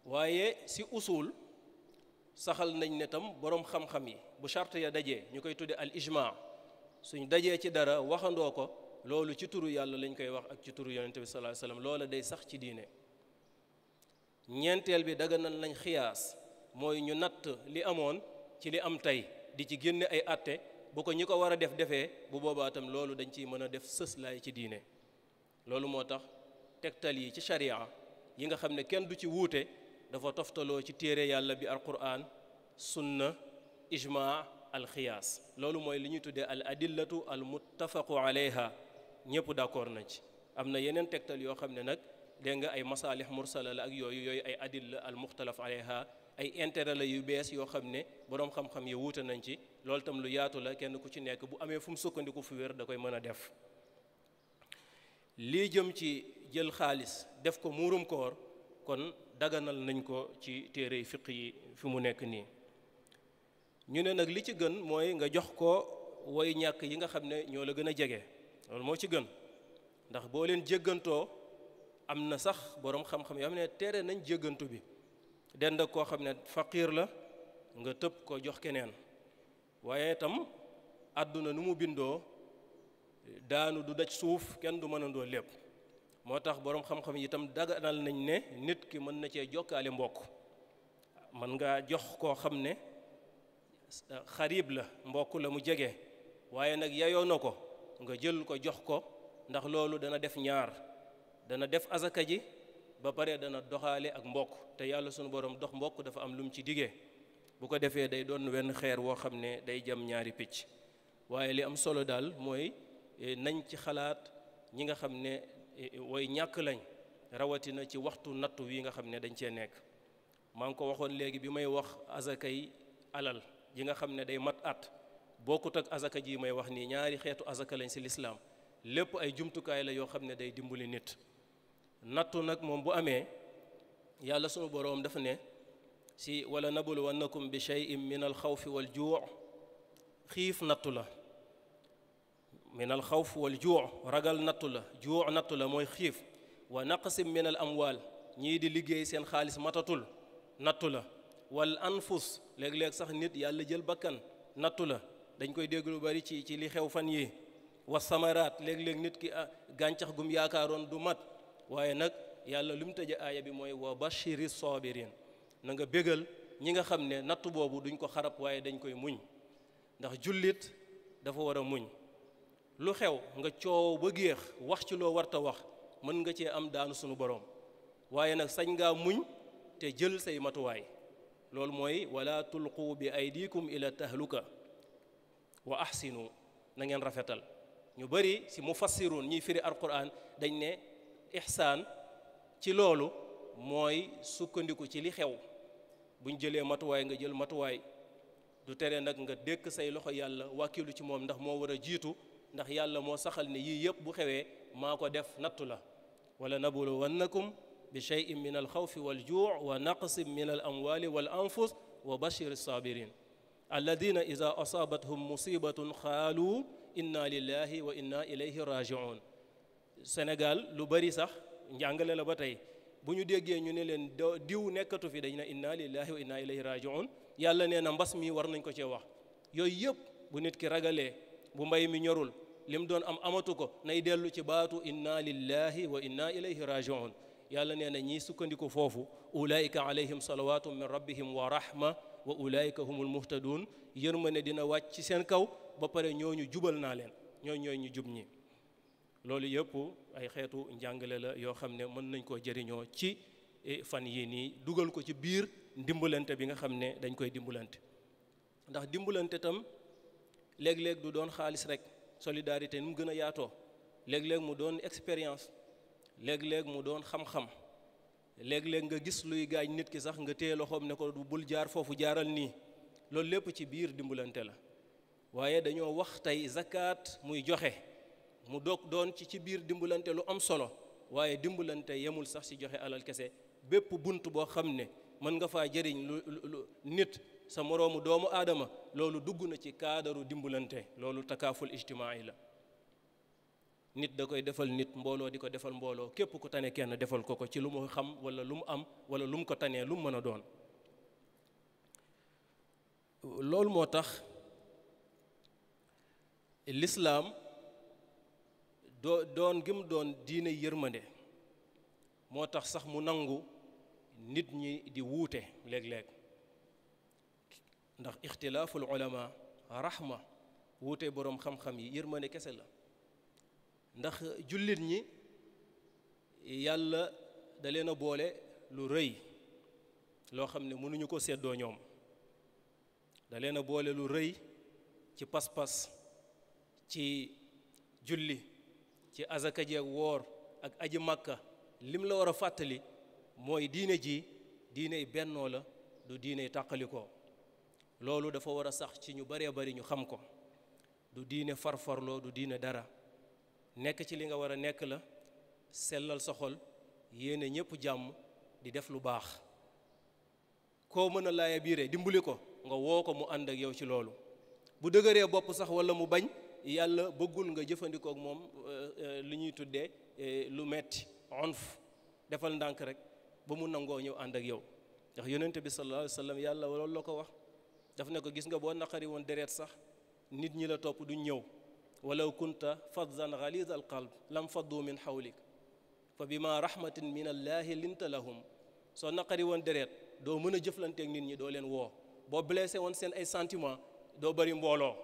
waaye si usul saxal nañ ne tam boroom xam-xam yi bu charte ya dajee ñu koy tudde al ijmaa suñ dajee ci dara waxandoo ko loolu ci turu yàlla lañ koy wax ak ci turu yonente bi sallallahu alayhi loola day sax ci diine ñentel bi daganal nañ xiyas moy ñu nat li amone ci li am tay di ci genn ay atte bu ko ñiko wara def defé bu boba tam lolu dañ ci mëna def def lay ci diine lolu motax tektal yi ci sharia yi nga xamné ne kenn du ci wuté dafa toftalo ci téré yàlla bi alquran sunna ijmaa alxiyaas loolu mooy li ñuy tuddé al adillatu al muttafaqu alayha ñëpp d'accord nañ ci amna yenen tektal yo xamné nak dégg nga ay masaalih mursala la ak yooyu yooyu ay adil la al muxtalaf ay intérêt la yu bees yoo xam ne boroom xam-xam yi wuute nañ ci loolu tam lu yaatu la kenn ku ci nekk bu amee fu mu sukkandiku fu wér da koy mën def lii jëm ci jël xaalis def ko muurum koor kon daganal nañ ko ci téere fiq yi fi mu nekk nii ñu ne nag li ci gën mooy nga jox ko woy ñàkk yi nga xam ne ñoo la gën a jege loolu moo ci gën ndax boo leen jéggantoo am na sax boroom xam-xam yoo xam ne tere nañ jéggantu bi dend ak koo xam ne faqiir la nga tëb ko jox keneen waaye itam àdduna nu mu bindoo daanu du daj suuf kenn du mënandoo lépp moo tax boroom xam-xam yi itam daganal nañ ne nit ki mën na cee jokkaale mbokk mën ngaa jox koo xam ne xarib la mbokk la mu jege waaye nag yayoo na ko nga jël ko jox ko ndax loolu dana def ñaar dana def azaka ji ba bare dana doxaale ak mbokk te yàlla sunu borom dox mbokk dafa am lu mu ci diggee bu ko defee day doon wenn xeer woo xam ne day jam ñaari picc waaye li am solo daal mooy eh, nañ ci xalaat ñi nga xam ne eh, way ñàkk lañ rawatina ci waxtu nattu wi nga xam ne dañ cee nekk maa ngi ko waxoon léegi bi may wax azaka yi alal yi nga xam ne day mat at bokkut ak azaka ji may wax nii ñaari xeetu azaka lañ si lislaam lépp ay jumtukaay la yoo xam ne day dimbali nit natu nak mom bu amé yàlla sunu borom dafa ne si wala nabluwannakum bi shay'in min khawf wal ju' khif natu la min khawf wal ju' ragal natu la ju' natu la moy khif wa naqsim min al amwal ñi di liggéey seen xaalis matatul natu la wal anfus leg leg sax nit yàlla jël bakkan natu la dañ koy dégg lu bari ci ci li xew fan yi wa samarat leg leg nit ki gantax gum yaakaaroon du mat waye nak yalla lim mu aya bi moy wa bashiri sabirin na nga begal ñi nga xamne natt duñ ko xarab waye dañ koy muñ ndax julit dafa wara muñ lu xew nga ciow ba geex wax ci lo warta wax man nga ci am daanu sunu borom waye nak sañ nga muñ te jël say way lol moy wala tulqu bi aydikum ila tahluka wa ahsinu na ngeen rafetal ñu bari si mufassirun ñi firi alquran dañ ne ihsan ci lolu moy sukkandiku ci li xew buñ jëlé matuway nga jël matuway du tere nak nga dékk say loxo yàlla wakilu ci mom ndax mo wara jitu ndax yàlla mo saxal ni yi yëpp bu xewé mako def natula wala nabulu wannakum bi shay'in min wal ju' wa naqsin min al amwali wal anfus wa bashir sabirin idha asabat-hum musibatun khalu inna lillahi wa inna ilayhi rajiun Sénégal lu bari sax njàngale la ba tey bu ñu déggee ñu ne leen diw nekkatu fi dañ ne inna lillahi wa inna ilayhi rajiun yàlla nee na mbas mi war nañ ko cee wax yooyu yëpp bu nit ki ragalee bu mbay mi ñorul lim doon am amatu ko nay dellu ci baatu inna lillahi wa inna ilayhi rajiun yàlla nee na ñii sukkandiku foofu ulaika alayhim salawatu min rabbihim wa rahma wa ulaika humul muhtadun yërmande dina wàcc ci seen kaw ba pare ñooñu jubal naa leen ñooñu ñooy ñu jub ñi loolu yëpp ay xeetu njàngale la yoo xam ne mën nañ koo jariñoo ci e, fan yii nii dugal ko ci biir ndimbalante bi nga xam ne dañ koy dimbalante ndax dimbalante tam léeg-léeg du doon xaalis rek solidarité ni mu gën a yaatoo léeg-léeg mu doon expérience léeg-léeg mu doon xam-xam léeg-léeg nga gis luy gaañ nit ki sax nga téye loxoom ne ko bul jaar foofu jaaral nii loolu lépp ci biir dimbalante la waaye dañoo wax tey zakat muy joxe mu doog doon ci ci biir dimbalante lu am solo waaye dimbalante yemul sax ci joxe alal kese bépp bunt boo xam ne mën nga faa jariñ lu lu nit sa moroomu doomu aadama loolu dugg na ci kaadaru dimbalante loolu takaaful ijtimaai la nit da koy defal nit mbooloo di ko defal mbooloo képp ko tane kenn defal ko ko ci lu mu xam wala lu mu am wala lu mu ko tanee lu mu mën a doon loolu moo tax lislaam doo doon gi mu doon diine yërmande moo tax sax mu nangu nit ñi di wuute léeg-léeg ndax ixtilaaful ulama raxma wuute boroom xam-xam yi yërmande kese la ndax jullit ñi yàlla da leen a boole lu rëy loo xam ne mënuñu ko seddoo ñoom da leen a boole lu rëy ci pas-pas ci julli ci azaka ji ak woor ak aji màkka lim la war a fàttali mooy diine ji diiney bennoo la du diiney tàqalikoo loolu dafa war a sax ci ñu bëree bari ñu xam ko du diine farfarloo du diine dara nekk ci li nga war a nekk la sellal soxol xol yéene ñépp jàmm di def lu baax koo mën a laaya biire dimbali ko nga woo ko mu ànd ak yow ci loolu bu dëgëree bopp sax walla mu bañ yàlla bëggul nga jëfandikoo ak moom li ñuy tuddee lu metti onf defal ndànk rek ba mu nangoo ñëw ànd ak yow ndax yonente bi sallallahu alayhi sallam yàlla loolu la ko wax daf ne ko gis nga boo naqari woon deret sax nit ñi la topp du ñëw walaw kunta fadzan xaliz alqalb lam faddu min xawlik fa bima rahmatin min allahi linta lahum soo naqari woon deret doo mën a jëflanteek nit ñi doo leen woo boo blessé woon seen ay sentiment doo bari mbooloo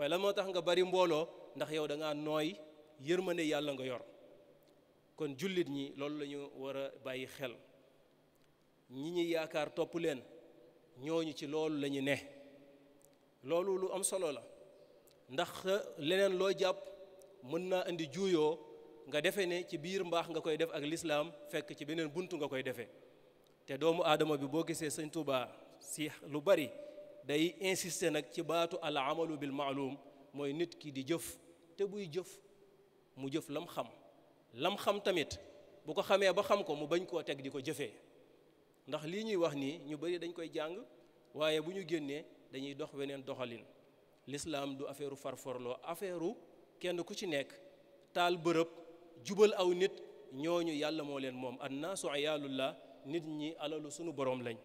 waaye lan moo tax nga bari mbooloo ndax yow da ngaa nooy yërmande yàlla nga yor kon jullit ñi loolu lañu ñu war a bàyyi xel ñi ñi yaakaar topp leen ñooñu ci loolu la ñu ne loolu lu am solo la ndax leneen loo jàpp mën naa indi juuyoo nga defe ne ci biir mbaax nga koy def ak lislaam fekk ci beneen bunt nga koy defee te doomu aadama bi boo gisee sëñ Tuubaa si lu bari day insisté nag ci baatu al amalu bil maalum mooy nit ki di jëf te buy jëf mu jëf lam xam lam xam tamit bu ko xamee ba xam ko mu bañ koo teg di ko jëfee ndax li ñuy wax nii ñu bëri dañ koy jàng waaye bu ñu génnee dañuy dox weneen doxalin lislaam du affaire farforloo affaire kenn ku ci nekk taal bërëb jubal aw nit ñooñu yàlla moo leen moom yàllu la nit ñi alalu sunu borom lañ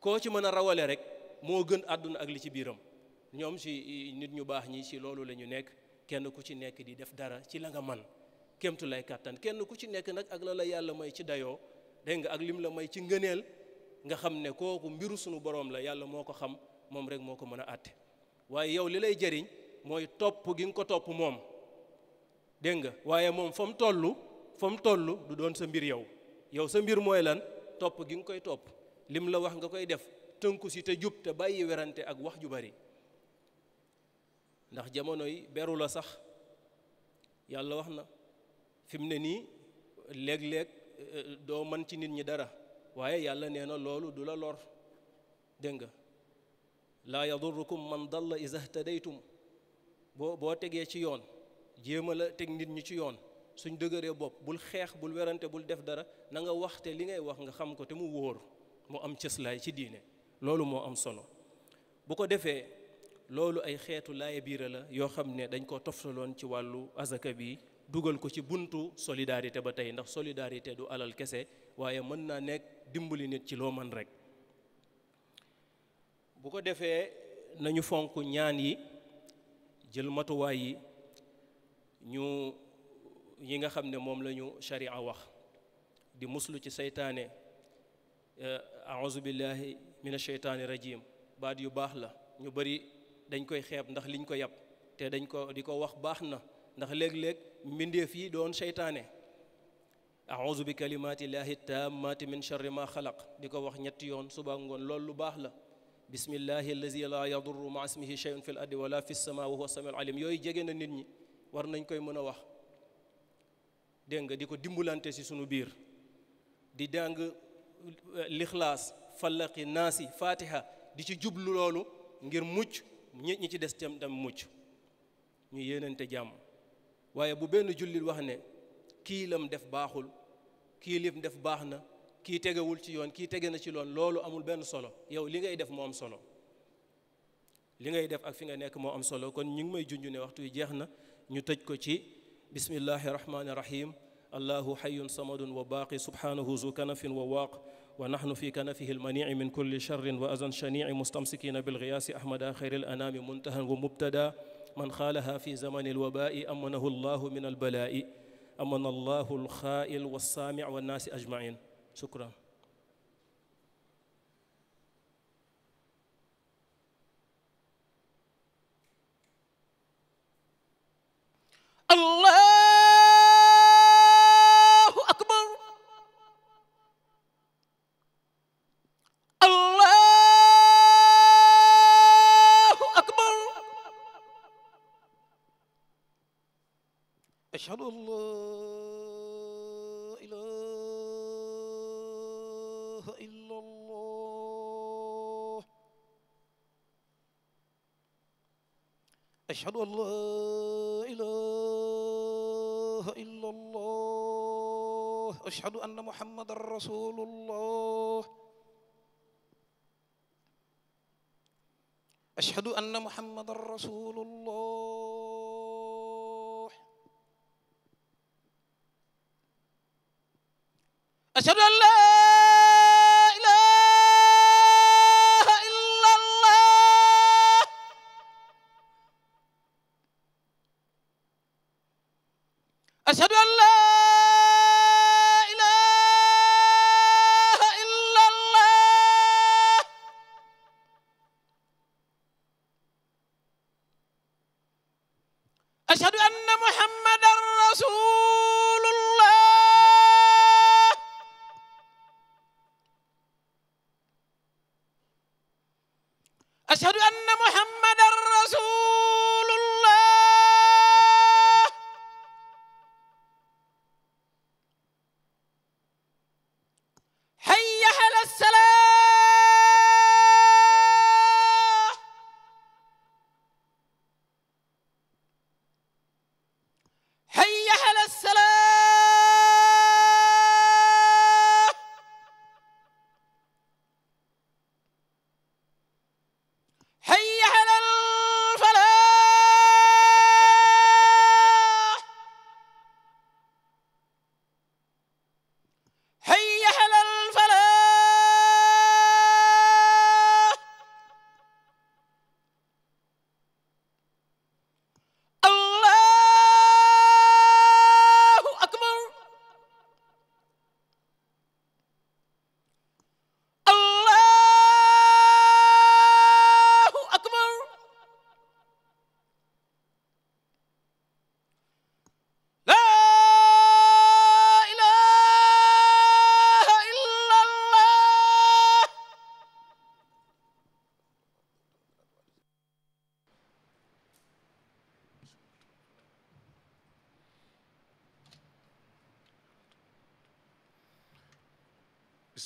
koo ci mën a rawale rek moo gën àdduna ak li ci biiram ñoom si nit ñu baax ñi si loolu la ñu nekk kenn ku ci nekk di def dara ci la nga man kemtu lay kàttan kenn ku ci nekk nag ak la la yàlla may ci dayoo dégg nga ak lim la may ci ngëneel nga xam ne kooku mbiru sunu borom la yàlla moo ko xam moom rek moo ko mën a àtte waaye yow li lay jariñ mooy topp gi nga ko topp moom dégg nga waaye moom fa mu toll fa mu toll du doon sa mbir yow yow sa mbir mooy lan topp gi nga koy topp lim la wax nga koy def tënku si te jub te bàyyi werante ak wax ju bari ndax jamono yi beru la sax yàlla wax na fi mu ne nii léeg-léeg euh, doo mën ci nit ñi dara waaye yàlla nee na loolu du la lor dégg nga laa yadurukum man dalla iza htadaytum boo boo tegee ci yoon jéema la teg nit ñi ci yoon suñ dëgëree bopp bul xeex bul werante bul def dara na nga waxte li ngay wax nga xam ko te mu wóor mu am cëslaay ci diine loolu moo am solo bu ko defee loolu ay xeetu laaya biira la yoo xam ne dañ ko toftaloon ci wàllu azaka bi dugal ko ci buntu solidarité ba tey ndax solidarité du alal kese waaye mën naa nekk dimbali nit ci loo man rek bu ko defee nañu fonk ñaan yi jël matuwaay yi ñu yi nga xam ne moom lañu ñu wax di muslu ci seytaane eh, auzu billahi mina sheytaani rajim baat yu baax la ñu bëri dañ koy xeeb ndax liñ ko yab te dañ ko di ko wax baax na ndax léeg-léeg mbindeef yi doon seytaane auzu bi kalimaati llahi taammaati min charri ma xalaq di ko wax ñetti yoon suba ngoon loolu lu baax la bismillahi allazi la yadurru ma ismihi cheyun fi l ardi wala fi sama wa huwa samiul alim yooyu jege na nit ñi war nañ koy mën a wax dégg nga di ko dimbalante si sunu biir di jàng lixlaas fallaqi naasi fatiha di ci jublu loolu ngir mucc ñit ñi ci des tam tam mucc ñu yéenante jàmm waaye bu benn jullit wax ne kii lam def baaxul kii lim def baax na kii tegewul ci yoon kii tege na ci loon loolu amul benn solo yow li ngay def moo am solo li ngay def ak fi nga nekk moo am solo kon ñu ngi may junj ne waxtu yi jeex na ñu tëj ko ci bismillahi rahmaani rahim allahu xayun samadun wa baaqi subhanahu zu kanafin wa waaq ونحن في كنفه المنيع من كل شر وأذى شنيع مستمسكين بالغياس أحمد خير الأنام منتهى ومبتدى من خالها في زمن الوباء أمنه الله من البلاء أمن الله الخائل والسامع والناس أجمعين شكرا الله أشهد الله إله إلا الله أشهد الله لا إله إلا الله أشهد أن محمد رسول الله أشهد أن محمد رسول الله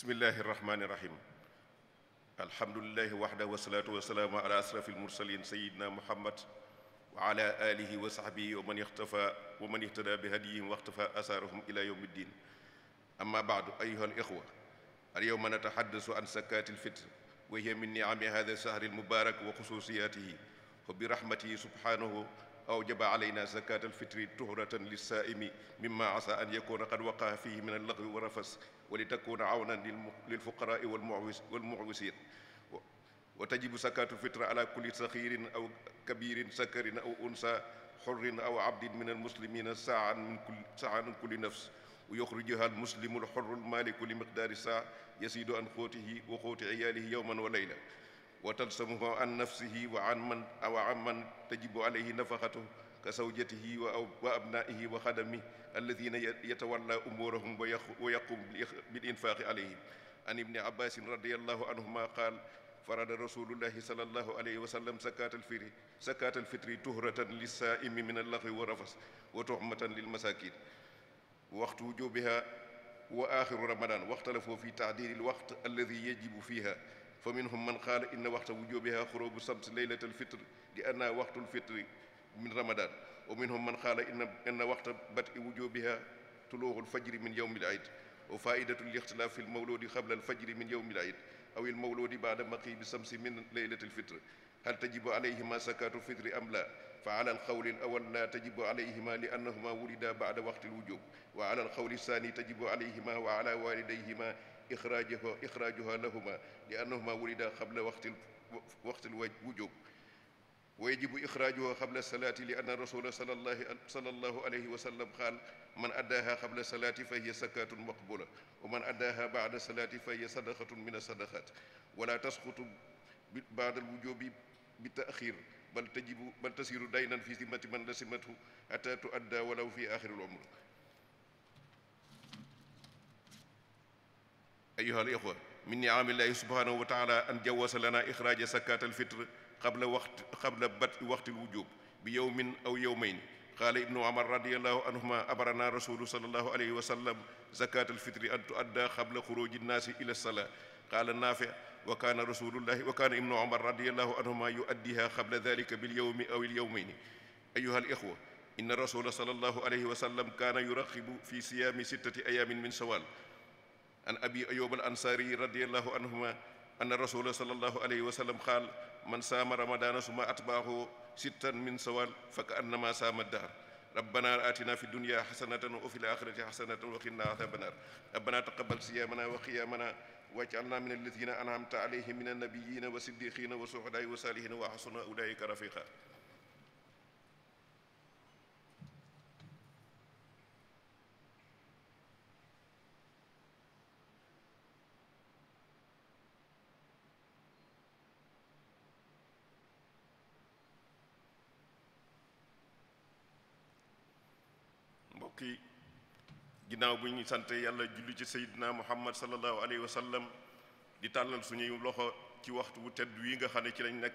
بسم الله الرحمن الرحيم الحمد لله وحده والصلاة والسلام على أسرف المرسلين سيدنا محمد وعلى آله وصحبه ومن اختفى ومن اهتدى بهديهم واختفى أثارهم إلى يوم الدين أما بعد أيها الإخوة اليوم نتحدث عن زكاة الفطر وهي من نعم هذا الشهر المبارك وخصوصياته وبرحمته سبحانه أوجب علينا زكاة الفطر طهرة للسائم مما عسى أن يكون قد وقع فيه من اللغو والرفث ولتكون عونا للفقراء والمعوسين وتجب زكاة الفطر على كل صغير أو كبير سكر أو أنثى حر أو عبد من المسلمين ساعة من كل ساعة من كل نفس ويخرجها المسلم الحر المالك لمقدار ساعة يزيد عن قوته وقوت عياله يوما وليلا وتلزمها عن نفسه وعن من أو عن من تجب عليه نفقته كزوجته وأبنائه وخدمه الذين يتولى أمورهم ويقوم بالإنفاق عليهم عن ابن عباس رضي الله عنهما قال فرد رسول الله صلى الله عليه وسلم زكاة الفطر زكاة الفطر تهرة للسائم من اللغو والرفث وتحمة للمساكين وقت وجوبها وآخر رمضان واختلفوا في تعديل الوقت الذي يجب فيها فمنهم من قال إن وقت وجوبها خروج الشمس ليلة الفطر لأن وقت الفطر من رمضان ومنهم من قال إن إن وقت بدء وجوبها طلوع الفجر من يوم العيد وفائدة الاختلاف المولود قبل الفجر من يوم العيد أو المولود بعد مقيم الشمس من ليلة الفطر هل تجب عليهما زكاة الفطر أم لا؟ فعلى القول الأول لا تجب عليهما لأنهما ولدا بعد وقت الوجوب وعلى القول الثاني تجب عليهما وعلى والديهما إخراجها إخراجها لهما لأنهما ولدا قبل وقت وقت الوجوب ويجب إخراجها قبل الصلاة لأن الرسول صلى الله صلى الله عليه وسلم قال من أداها قبل الصلاة فهي سكاة مقبولة ومن أداها بعد الصلاة فهي صدقة من الصدقات ولا تسقط بعد الوجوب بتأخير بل تجب بل تسير دينا في ذمة من لسمته حتى تؤدى ولو في آخر العمر أيها الإخوة من نعم الله سبحانه وتعالى أن جوز لنا إخراج سكاة الفطر قبل وقت قبل بدء وقت الوجوب بيوم أو يومين قال ابن عمر رضي الله عنهما ابرنا رسول صلى الله عليه وسلم زكاة الفطر أن تؤدى قبل خروج الناس إلى الصلاة قال النافع وكان رسول الله وكان ابن عمر رضي الله عنهما يؤديها قبل ذلك باليوم أو اليومين أيها الإخوة إن الرسول صلى الله عليه وسلم كان يرغب في صيام ستة أيام من سوال عن أبي أيوب الأنصاري رضي الله عنهما أن الرسول صلى الله عليه وسلم قال man saama ramadaana suma atbaahu sittan min sawal fakk annama saama dahar rabbana atina fi dunya hasanatan wa fil akhirati hasanatan wa qina adhaban nar rabbana taqabbal siyamana wa qiyamana waj'alna min alladhina an'amta alayhim min an-nabiyyina wa siddiqina wa shuhada'i wa salihin wa hasuna ulaika rafiqa ginaaw bu ñu sante yalla julli ci sayyidina muhammad sallallahu Alaihi Wasallam di talal suñu loxo ci waxtu bu tedd wi nga xam ci lañ nek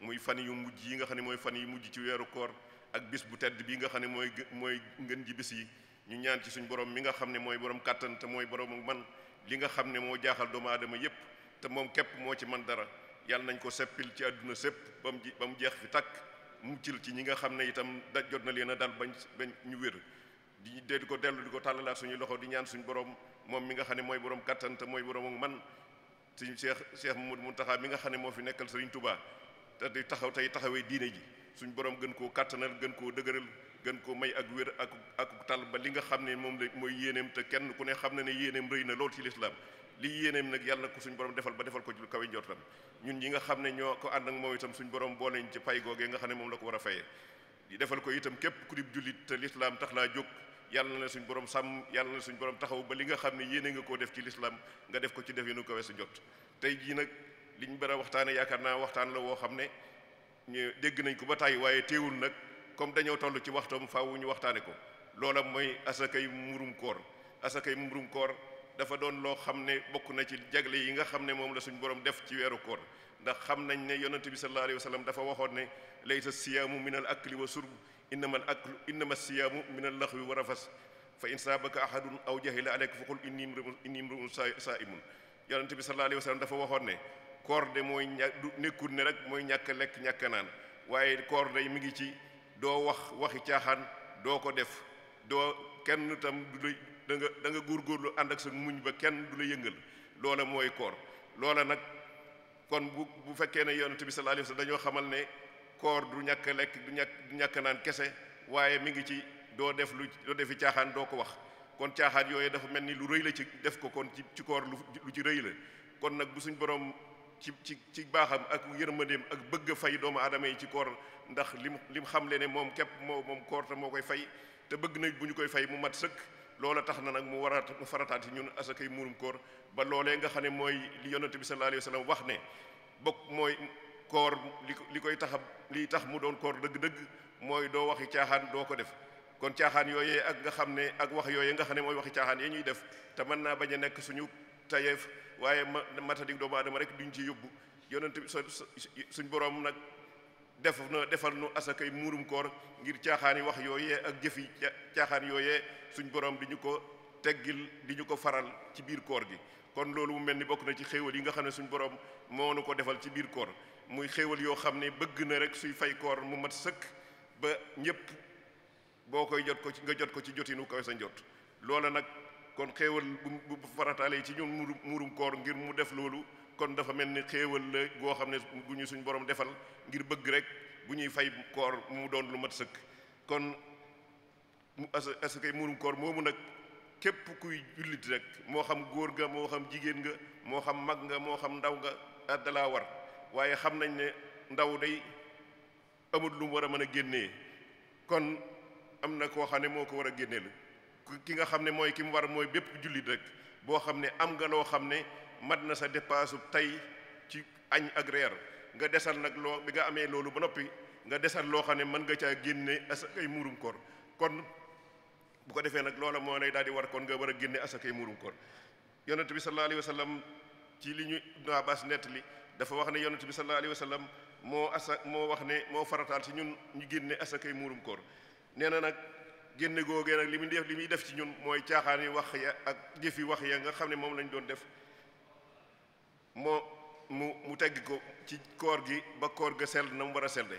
muy fan yu mujj yi nga xam moy mooy fan yu mujj ci wéru koor ak bis bu tedd bi nga xam moy moy ngeen ji bis yi ñu ñaan ci suñu borom mi nga xamne moy borom katan te moy borom man li nga xamne mo jaaxal doomu adama yépp te mom kep mo ci man dara yalla nañ ko seppil ci aduna sepp bam bam jeex fi tak muccil ci ñi nga xamne itam da jot na dal bañ ñu wër di di ko dellu di ko tàllalaat suñu loxo di ñaan suñu borom moom mi nga xam ne mooy borom kattan te mooy borom ak man suñu Cheikh Cheikh Mamadou Mountakha mi nga xam ne moo fi nekkal Serigne Touba te di taxaw tey taxawee diine ji suñu borom gën koo kattanal gën koo dëgëral gën koo may ak wér ak ak tal ba li nga xam ne moom la mooy yéeneem te kenn ku ne xam na ne yéeneem rëy na lool ci lislaam li yéeneem nag yàlla ko suñu borom defal ba defal ko ci lu kawe njortam ñun ñi nga xam ne ñoo ko ànd ak moom itam suñu borom boole ñu ci pay googee nga xam ne moom la ko war a fayee di defal ko itam képp ku dib jullit te lislaam tax laa jóg yàlla na leen suñ borom sàmm yàlla na suñ borom taxaw ba li nga xam ne yéene nga koo def ci lislaam nga def ko ci def yi nu ko jot tey jii nag liñ bëra waxtaane yaakaar naa waxtaan la woo xam ne dégg nañ ko ba tàyyi waaye téewul nag comme dañoo toll ci waxtoom faaw ñu waxtaane ko loola mooy asakay murum koor asakay murum koor dafa doon loo xam ne bokk na ci jagle yi nga xam ne moom la suñ borom def ci weeru koor ndax xam nañ ne yonent bi sallallahu alayhi wa dafa waxoon ne laysa siyaamu minal akli wa surb innama al aklu innama siyaamu min al laxwi wa rafas fa in saabaka ahadun aw jahila aleyka fa qul inni inni imruun saaimun yonent bi sallallahu alayhi wa sallam dafa waxoon ne koor de mooy ña du nekkul ne rek mooy ñàkk lekk ñàkk naan waaye koor day mi ngi ci doo wax waxi caaxaan doo ko def doo kenn tam du la da nga da nga góorgóorlu ànd ak sa muñ ba kenn du la yëngal loola mooy koor loola nag kon bu bu fekkee ne yonent bi sallallahu alayhi dañoo xamal ne koor du ñàkk lekk du ñàkk du naan kese waaye mi ngi ci doo def lu doo defi caaxaan doo ko wax kon caaxaan yooyu dafa mel ni lu rëy la ci def ko kon ci ci koor lu ci rëy la kon nag bu suñ borom ci ci ci baaxam ak yërmandeem ak bëgg a fay doomu aadama yi ci koor ndax lim lim xam le ne moom képp moo moom koor te moo koy fay te bëgg na bu ñu koy fay mu mat sëkk loola tax na nag mu waraat farataat ci ñun asakay muurum koor ba loolee nga xam ne mooy li yonante bi sallallahu wax ne koor liko koy tax li tax mu doon koor dëgg-dëgg mooy doo waxi caaxaan doo ko def kon caaxaan yooyee ak nga xam ne ak wax yooyee nga xam ne mooy waxi caaxaan yi ñuy def te mën naa bañ a nekk suñu tayeef waaye matadik doomu aadama rek duñ ci yóbbu yonent bi suñ borom nag def na defal nu asakay muurum koor ngir caaxaan yi wax yooyee ak jëfi caaxaan yooyee suñ borom di ko teggil di ko faral ci biir koor gi kon loolu mu mel ni na ci xéewal yi nga xam ne suñ boroom moo nu ko defal ci biir koor muy xéewal yoo xam ne bëgg na rek suy fay koor mu mat sëkk ba ñépp boo koy jot ko ci nga jot ko ci jotinu kawe sa njot loola nag kon xéewal bu farataalee ci ñun muru muurum koor ngir mu def loolu kon dafa mel ni xéewal la goo xam ne gu ñu suñ borom defal ngir bëgg rek bu ñuy fay koor mu doon lu mat sëkk kon asakay muurum koor moomu nag képp kuy jullit rek moo xam góor ga moo xam jigéen nga moo xam mag nga moo xam ndaw nga dalaa war waaye xam nañ ne ndaw day amul lu mu war a mën a génnee kon am na koo xam ne moo ko war a génnee génneel ki nga xam ne mooy ki mu war mooy bépp jullit rek boo xam ne am nga loo xam ne man na sa dépense tey ci añ ak nga desal nag loo bi nga amee loolu ba noppi nga desal loo xam ne mën nga caa génne asakay muurum koor kon bu ko defee nag loola moo lay daal di war kon nga war a génne asakay muurum koor yonent bi sallallahu alayhi wa sallam ci li ñu Ibnu Abbas nettali dafa wax ne yonent bi sallallahu alayhi wasallam mo asa mo wax ne mo faratal ci ñun ñu genné asakay murum koor neena na genné goge nak limi def limi def ci ñun moy tiaxani wax ya ak jëfi wax ya nga xamne mom lañ doon def mo mu mu tegg ko ci koor gi ba koor ga sel na mu wara sel de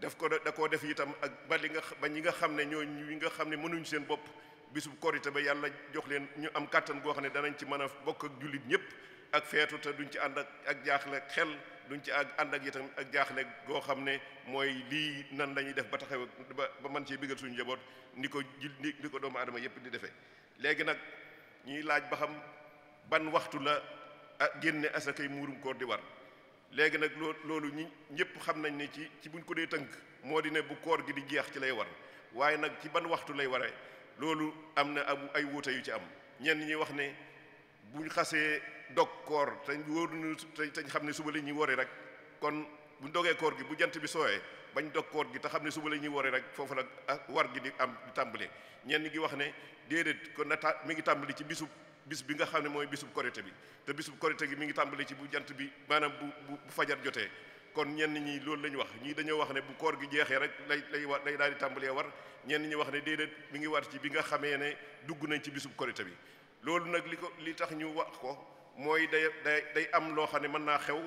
def ko da ko def itam ak ba li nga ba ñi nga xamne ñoo ñi nga xamne mënuñ seen bop bisub korite ba yalla jox leen ñu am katan go xamne danañ ci mëna bokk ak julit ñepp ak feetu te duñ ci ànd ak ak jaaxle xel duñ ci ak ànd ak itam ak jaaxle goo xam ne mooy lii nan lañuy def ba taxaw ba man mën cee suñu njaboot ni ko ji ni ko doomu aadama yépp di defee léegi nag ñuy laaj ba xam ban waxtu la ah, génne asakay muurum koor di war léegi nag loo loolu ñi ñëpp xam nañ ni ci ci buñ ko dee tënk moo di ne bu koor gi di jeex ci lay war waaye nag ci ban waxtu lay ware loolu am na ay wuute yu ci am ñenn ñi wax ne buñ xasee dog koor te wóor nu te xam ne suba la ñuy wori rek kon bu dogee koor gi bu jant bi soowee bañ dog koor gi te xam ne suba la ñuy wori rek foofu nag ah, war gi di am di ñenn gi wax ne déedéet kon na mi ngi tàmbali ci bisub bis bi nga xam ne mooy bisub korite bi te bisub korite gi mi ngi tàmbali ci bu jant bi maanaam bu bu jotee kon ñenn ñi loolu la ñu wax ñii dañoo wax ne bu koor gi jeexee rek lay lay war lay daal di tàmbalee war ñenn ñi wax ne déedéet mi ngi war ci bi nga xamee ne dugg nañ ci bisub korite bi loolu nag li ko li tax ñu wax ko mooy day day day am loo xam ne mën naa xew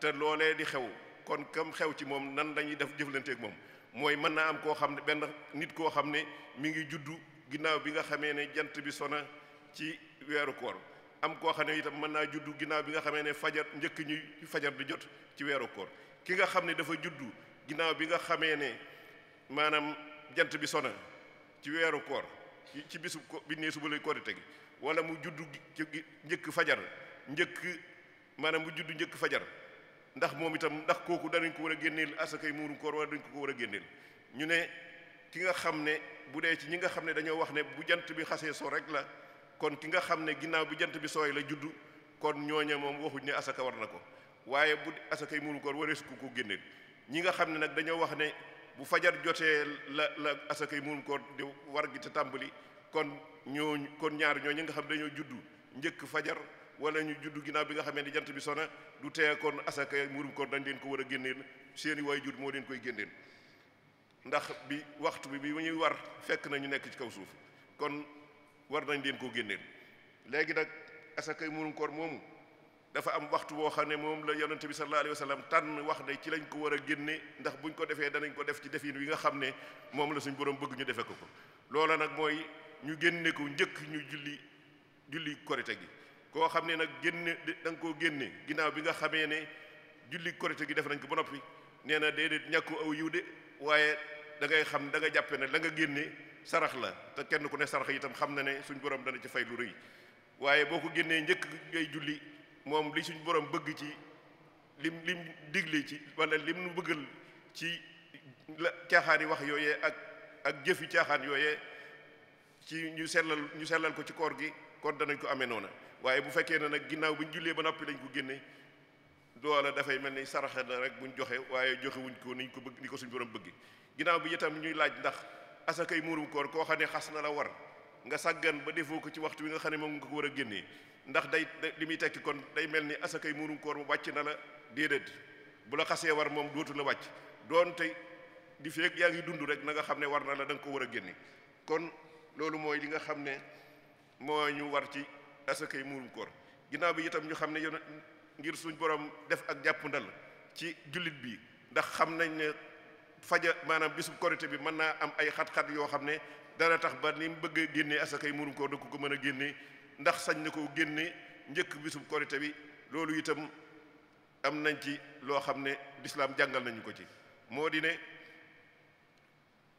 te loolee di xew kon kam xew ci moom nan lañuy def jëflanteek moom mooy mën naa am koo xam ne benn nit koo xam ne mi ngi juddu ginnaaw bi nga xamee ne jant bi sona ci weeru koor am koo xam ne itam mën naa juddu ginnaaw bi nga xamee ne fajar njëkk ñuy fajar di jot ci weeru koor ki nga xam ne dafa juddu ginnaaw bi nga xamee ne maanaam jant bi sona ci weeru koor ci bisu ko bi ne suba lay koorite gi wala mu juddu gi njëkk fajar njëkk maanaam bu juddu njëkk fajar ndax moom itam ndax kooku danañ ko war a génneel asakay muurum koor wala dañ ko ko war a génneel ñu ne ki nga xam ne bu dee ci ñi nga xam ne dañoo wax ne bu jant bi xasee soo rek la kon ki nga xam ne ginnaaw bi jant bi sooy la juddu kon ñooña moom waxuñ ne asaka war na ko waaye bu asakay muurum koor wareesu ko ko génneel ñi nga xam ne nag dañoo wax ne bu fajar jotee la la asakay muurum koor di war gi te tàmbali kon ñooñu kon ñaar ñooñu nga xam ne dañoo juddu njëkk fajar wala ñu judd ginnaaw bi nga xamee ni jant bi sona du tee kon asaka murum kon dañ leen ko war a génneel seeni waay jur moo leen koy génneel ndax bi waxtu bi bi ñuy war fekk na ñu nekk ci kaw suuf kon war nañ leen koo génneel léegi nag asakay murum koor moomu dafa am waxtu boo xam ne moom la yonent bi sallallahu alayhi wa sallam tànn wax ne ci lañ ko war génne ndax buñ ko defee ko def ci defin wi nga xam ne moom la suñ borom bëgg ñu defe ko ko loola nag mooy ñu génne ko njëkk ñu julli julli korite gi koo xam ne nag génne danga koo génne ginnaaw bi nga xamee ne julli korite gi def nañ ko ba noppi nee na déedéet ñàkku aw yiw de waaye da ngay xam danga nga jàppe ne la nga génne sarax la te kenn ku ne sarax itam xam na ne suñ borom dana ci fay lu rëy waaye boo ko génnee njëkk ngay julli moom li suñ borom bëgg ci lim lim digle ci walla lim nu bëggal ci la yi wax yooyee ak ak jëfi caaxaan yooye ci ñu sellal ñu sellal ko ci koor gi kon danañ ko amee noona waye bu fekke na nak ginnaw buñ jullee ba nopi lañ ko génne loola da fay melni saraxé na rek buñ joxé waye joxé wuñ ko niñ ko bëgg niko suñu borom bëgg ginnaw bi yitam ñuy laaj ndax asakay muru ko ko xane ne na la war nga saggan ba defo ko ci waxtu wi nga xane ne nga ko wara a ndax day limi kon day mel ni asakay muurum koor mu wacc na la dedet bu la xasse war mom dootu la wàcc doonte di fek ya ngi dundu rek nga xamne war na la dang ko wara a kon lolu moy li nga xamne moy ñu war ci asakay muurum koor ginaaw bi itam ñu xam ne ngir suñ borom def ak jàpp ndal ci jullit bi ndax xam nañ ne faja maanaam bisub korité bi mën am ay xat-xat yoo xam ne dana tax ba ni mu bëgg a génnee asakay muurum koor da ko ko mën a ndax sañ na ko génne bisub korité bi loolu itam am nañ ci loo xam ne lislaam jàngal nañu ko ci moo di ne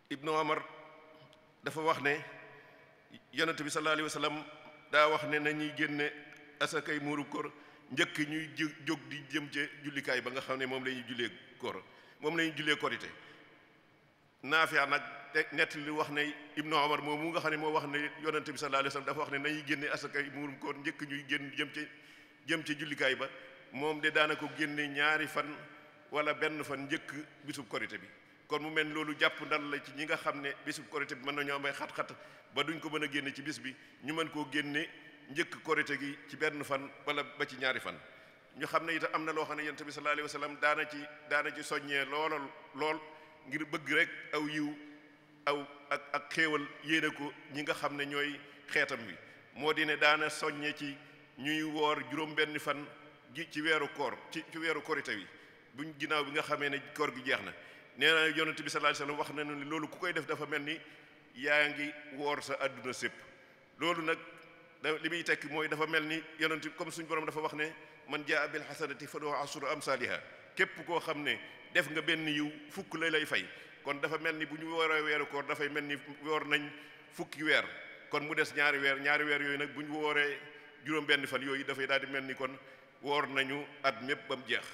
ibnu omar dafa wax ne yonente bi sallallahu alayhi wa daa wax ne nañuy génne asakay muuru kor njëkk ñuy jóg di jëm ca jullikaay ba nga xam ne moom la ñuy jullee koor moom la ñuy jullee korite naafia nag te nett li wax ne ibnu omar moom mu nga xam ne moo wax ne yonante bi sa alayhi wasallam dafa wax ne nañuy génne asakay muurum koor njëkk ñuy génn jëm ca jëm ca jullikaay ba moom de daana génne ñaari fan wala benn fan njëkk bisub korite bi kon mu mel loolu jàpp ndal la ci ñi nga xam ne bésub korité bi mën nañoo am ay xat-xat ba duñ ko mën a génne ci bis bi ñu mën koo génne njëkk korité gi ci benn fan wala ba ci ñaari fan ñu xam ne itam am na loo xam ne yonent bi sallallahu alayhi wa sallam daana ci daana ci soññee loolal lool ngir bëgg rek aw yiw aw ak ak xéewal yéene ko ñi nga xam ne ñooy xeetam wi moo di ne daana soññe ci ñuy woor juróom benn fan gi ci weeru koor ci ci weeru korité wi buñ ginnaaw bi nga xamee ne koor gi jeex na nee na yonent bi sallallahu alayhi wasallam wax nañu ni loolu ku koy def dafa mel ni yaa ngi woor sa àdduna sépp loolu nag da li muy tekki mooy dafa mel ni yonent bi comme suñu borom dafa wax ne man jaa bil hasanati falahu ashru amsaliha képp koo xam ne def nga benn yiw fukk la lay fay kon dafa mel ni bu ñu wooree weeru koor dafay mel ni woor nañ fukki weer kon mu des ñaari weer ñaari weer yooyu nag bu ñu wooree juróom benn fan yooyu dafay daal di mel ni kon woor nañu at mépp ba mu jeex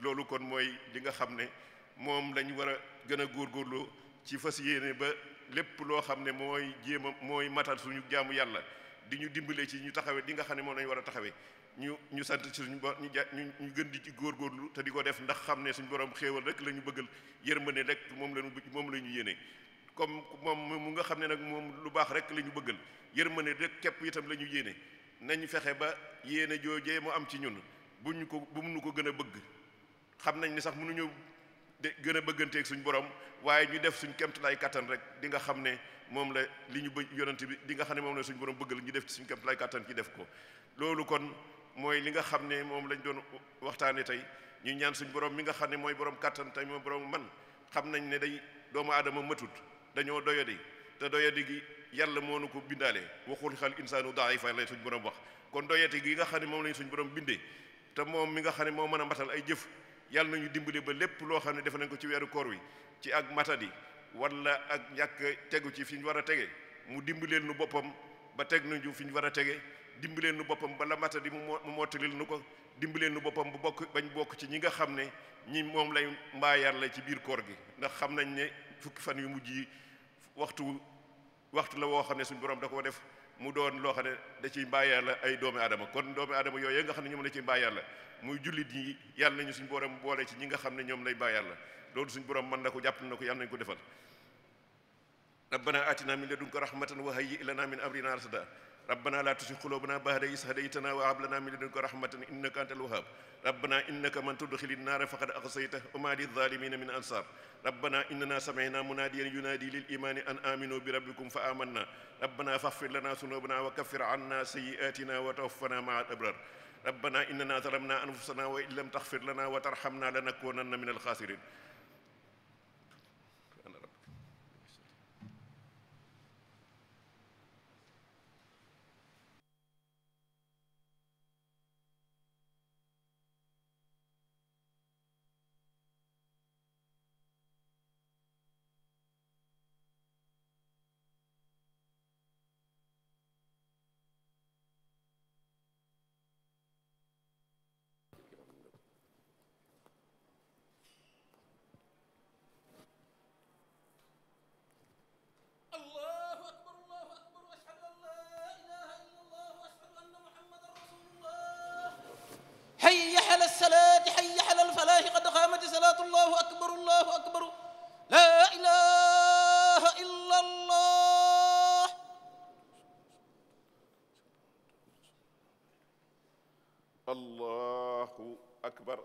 loolu kon mooy li nga xam ne moom lañ war a gën a góor góorloo ci fas yéene ba lépp loo xam ne mooy jéem a mooy matal suñu jaamu yàlla di ñu dimbale ci ñu taxawee di nga xam ne moom lañ war a taxawee ñu ñu sant ci suñu bo ñu ja ñu gën di ci góorgóorlu te di ko def ndax ne suñu borom xéewal rek la ñu bëggal yërmande rek moom la ñu moom la ñu yéene comme moom mu nga xam ne nag moom lu baax rek la ñu bëggal yërmande rek képp itam la ñu yéene nañ fexe ba yéene joojee mu am ci ñun buñ ko bu mu nu ko gën a bëgg xam nañ ne sax mënuñu de gën a bëgganteeg suñ borom waaye ñu def suñ kemtalaay kattan rek di nga xam ne moom la li ñu bëgg yonent bi di nga xam ne moom la suñ borom bëggal ñu def ci suñ kemtalaay kattan ci def ko loolu kon mooy li nga xam ne moom lañ doon waxtaane tey ñu ñaan suñ borom mi nga xam ne mooy borom kattan tey mooy borom man xam nañ ne day doomu adama matut dañoo doyadi te doyadi gi yàlla moo nu ko bindaale waxul xal insaanu daifa lay suñ borom wax kon doyati gi nga xam ne moom lañ suñ borom bindee te moom mi nga xam ne moo mën a matal ay jëf yàlla nañu dimbale ba lépp loo xam ne def nañ ko ci weeru koor wi ci ak matadi wala ak ñàkk tegu ci fi ñu war a tege mu dimbaleel nu boppam ba teg nañu fi ñu war a tege dimbaleel nu boppam ba la matadi mu mu mottalil nu ko dimbaleel nu boppam bu bokk bañ bokk ci ñi nga xam ne ñi moom lay mbaa yàlla ci biir koor gi ndax xam nañ ne fukki fan yu mujj yi waxtu waxtu la woo xam ne suñ borom da koo def mu doon loo xam ne da ciy mbaa yàlla ay doomi aadama kon doomi aadama yooyu nga xam ne ñoom la ciy mbaa yàlla muy jullit yi yàlla nañu suñu nga xam ne ñoom lay mbaa yàlla loolu suñu borom mën na ko jàpp na ko yàlla nañu ko defal rabbana atina min ladunka rahmatan wa hayyi lana min amrina rasada rabbana la tusi qulubana ba'da is hadaytana wa hab lana min ladunka rahmatan innaka antal wahhab ربنا إنك من تدخل النار فقد أغصيته وما للظالمين من أنصار ربنا إننا سمعنا مناديا ينادي للإيمان أن آمنوا بربكم فآمنا ربنا فاغفر لنا ذنوبنا وكفر عنا سيئاتنا وتوفنا مع الأبرار ربنا إننا ظلمنا أنفسنا وإن لم تغفر لنا وترحمنا لنكونن من الخاسرين الله أكبر الله أكبر وأشهد أن لا إله إلا الله وأشهد أن محمدا رسول الله حي على الصلاة حي على الفلاح قد قامت صلاة الله أكبر الله أكبر لا إله إلا الله الله أكبر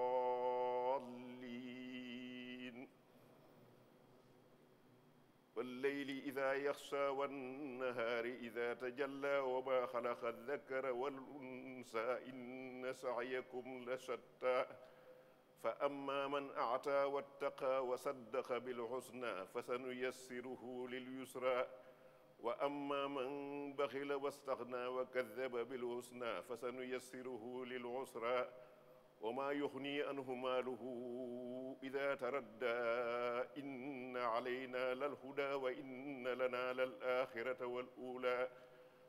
والليل إذا يخشى والنهار إذا تجلى وما خلق الذكر والأنثى إن سعيكم لشتى فأما من أعتى واتقى وصدق بالحسنى فسنيسره لليسرى وأما من بخل واستغنى وكذب بالحسنى فسنيسره للعسرى وما يغني عنه ماله إذا تردى إن علينا للهدى وإن لنا للآخرة والأولى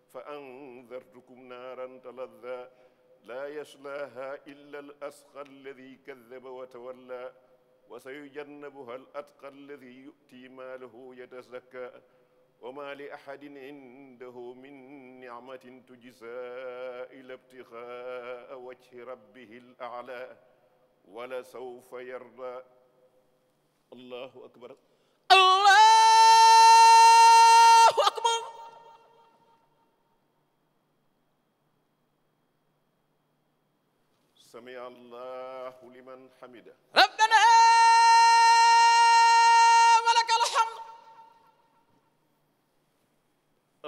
فأنذرتكم نارا تلظى لا يصلاها إلا الأسخى الذي كذب وتولى وسيجنبها الأتقى الذي يؤتي ماله يتزكى وما لأحد عنده من نعمة تجزى إلى ابتغاء وجه ربه الأعلى ولسوف يرضى الله أكبر الله أكبر سمع الله لمن حمده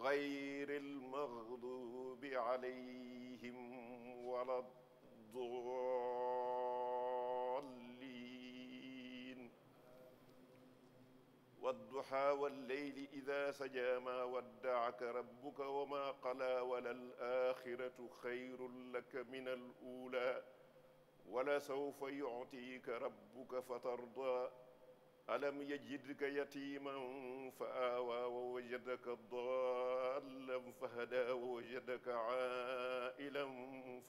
غير المغضوب عليهم ولا الضالين والضحى والليل إذا سجى ما ودعك ربك وما قلى وللآخرة خير لك من الأولى ولسوف يعطيك ربك فترضى ألم يجدك يتيما فآوى ووجدك ضالا فهدى ووجدك عائلا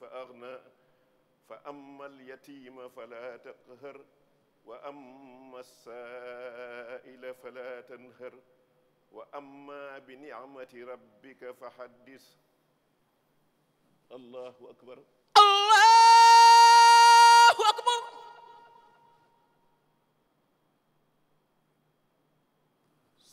فأغنى فأما اليتيم فلا تقهر وأما السائل فلا تنهر وأما بنعمة ربك فحدث الله أكبر الله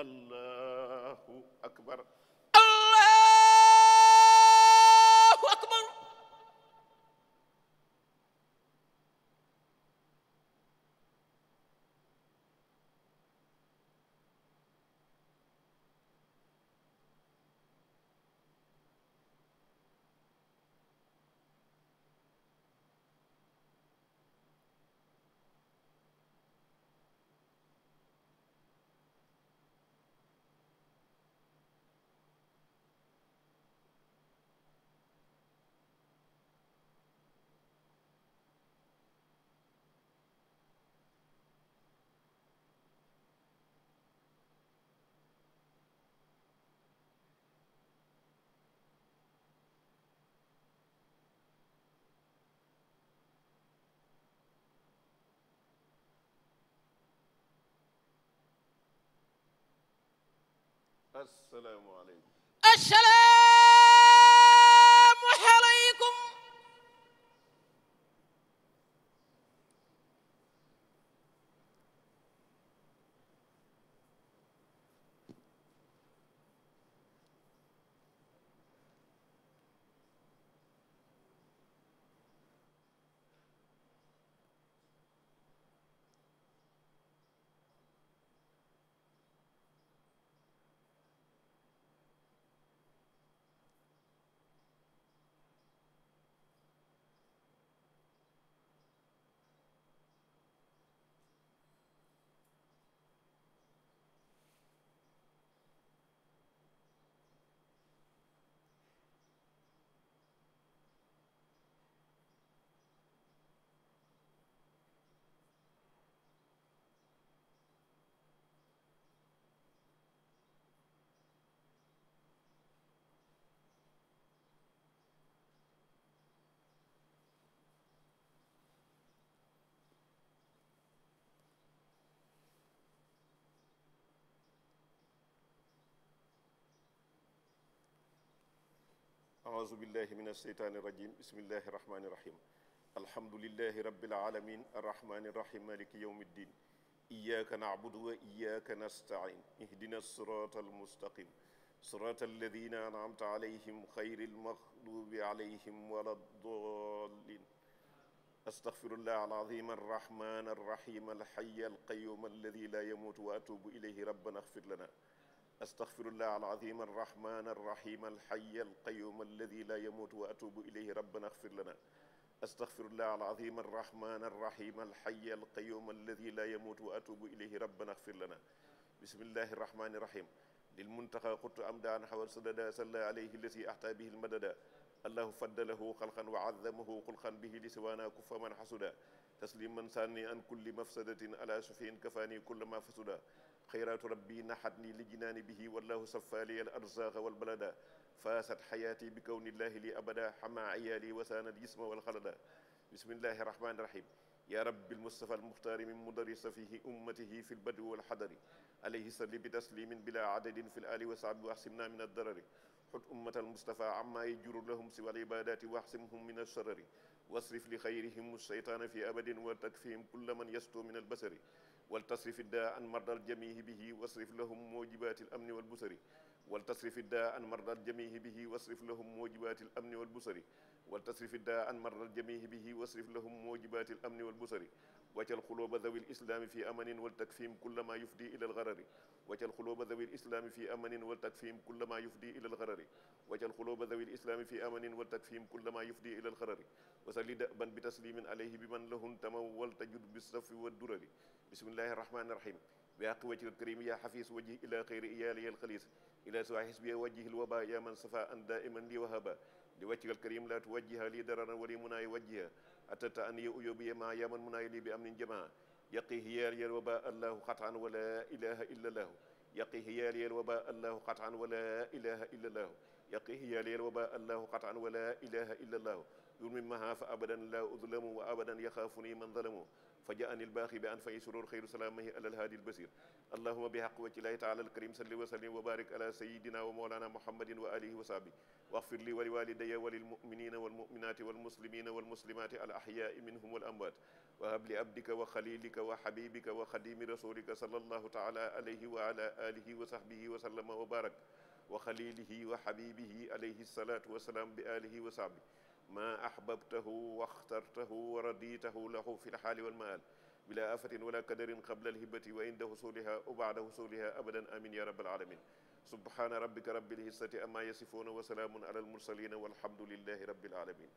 الله أكبر asalaamaaleykum. asalaam. أعوذ بالله من الشيطان الرجيم بسم الله الرحمن الرحيم الحمد لله رب العالمين الرحمن الرحيم مالك يوم الدين إياك نعبد وإياك نستعين اهدنا الصراط المستقيم صراط الذين أنعمت عليهم خير المغضوب عليهم ولا الضالين أستغفر الله العظيم الرحمن الرحيم الحي القيوم الذي لا يموت وأتوب إليه ربنا اغفر لنا أستغفر الله العظيم الرحمن الرحيم الحي القيوم الذي لا يموت وأتوب إليه ربنا اغفر لنا أستغفر الله العظيم الرحمن الرحيم الحي القيوم الذي لا يموت وأتوب إليه ربنا اغفر لنا بسم الله الرحمن الرحيم للمنتقى قلت امدا عن حول سددا صلى عليه الذي أحتى به المددا الله فدله خلقا وعظمه خلقا به لسوانا كف من حسدا تسليما ساني عن كل مفسدة على شفين كفاني كل ما فسدا خيرات ربي نحتني لجنان به والله صفى لي الأرزاق والبلدا فاست حياتي بكون الله لي أبدا حمى عيالي وساند جسم والخلدا بسم الله الرحمن الرحيم يا رب المصطفى المختار من مدرس فيه أمته في البدو والحضر عليه صلي بتسليم بلا عدد في الآل وصعب وأحسمنا من الضرر حد أمة المصطفى عما يجر لهم سوى العبادات واحسمهم من الشرر واصرف لخيرهم الشيطان في أبد وتكفيهم كل من يسطو من البصر والتصرف الداء عن مرضى الجميع به واصرف لهم موجبات الأمن والبصر والتصرف الداء عن مرضى الجميع به واصرف لهم موجبات الأمن والبصر والتصرف الداء عن مرضى الجميع به واصرف لهم موجبات الأمن والبصر وجل قلوب ذوي الإسلام في أمن والتكفيم كل ما يفدي إلى الغرر وجل قلوب ذوي الإسلام في أمن والتكفيم كل ما يفدي إلى الغرر وجل قلوب ذوي الإسلام في أمن والتكفيم كل ما يفدي إلى الغرر وسلد من بتسليم عليه بمن له تمول تجد بالصف والدرر بسم الله الرحمن الرحيم يا قوة الكريم يا حفيظ وجه إلى خير إيالي الخليص إلى سوى حسبي وجه الوباء يا من أن دائما لي وهبا لوجه الكريم لا توجه لي دررا ولي مناي وجه أتت أن يؤيبي ما يا من مناي لي بأمن جماعة يقيه يا لي الوباء الله قطعا ولا إله إلا الله يقيه يا لي الوباء الله قطعا ولا إله إلا الله يقيه يا لي الوباء الله قطعا ولا إله إلا الله يرمي ما هاف أبدا لا أظلم وأبدا يخافني من ظلمه فجاءني الباخي بأنفي سرور خير سلامه على الهادي البصير اللهم بحق وجه الله تعالى الكريم صلى وسلم وبارك على سيدنا ومولانا محمد وآله وصحبه واغفر لي ولوالدي وللمؤمنين والمؤمنات والمسلمين والمسلمات الأحياء منهم والأموات وهب لأبدك وخليلك وحبيبك وخديم رسولك صلى الله تعالى عليه وعلى آله وصحبه وسلم وبارك وخليله وحبيبه عليه الصلاة والسلام بآله وصحبه ما أحببته واخترته ورديته له في الحال والمآل بلا آفة ولا كدر قبل الهبة وعند وصولها وبعد وصولها أبدا آمين يا رب العالمين سبحان ربك رب العزة أما يصفون وسلام على المرسلين والحمد لله رب العالمين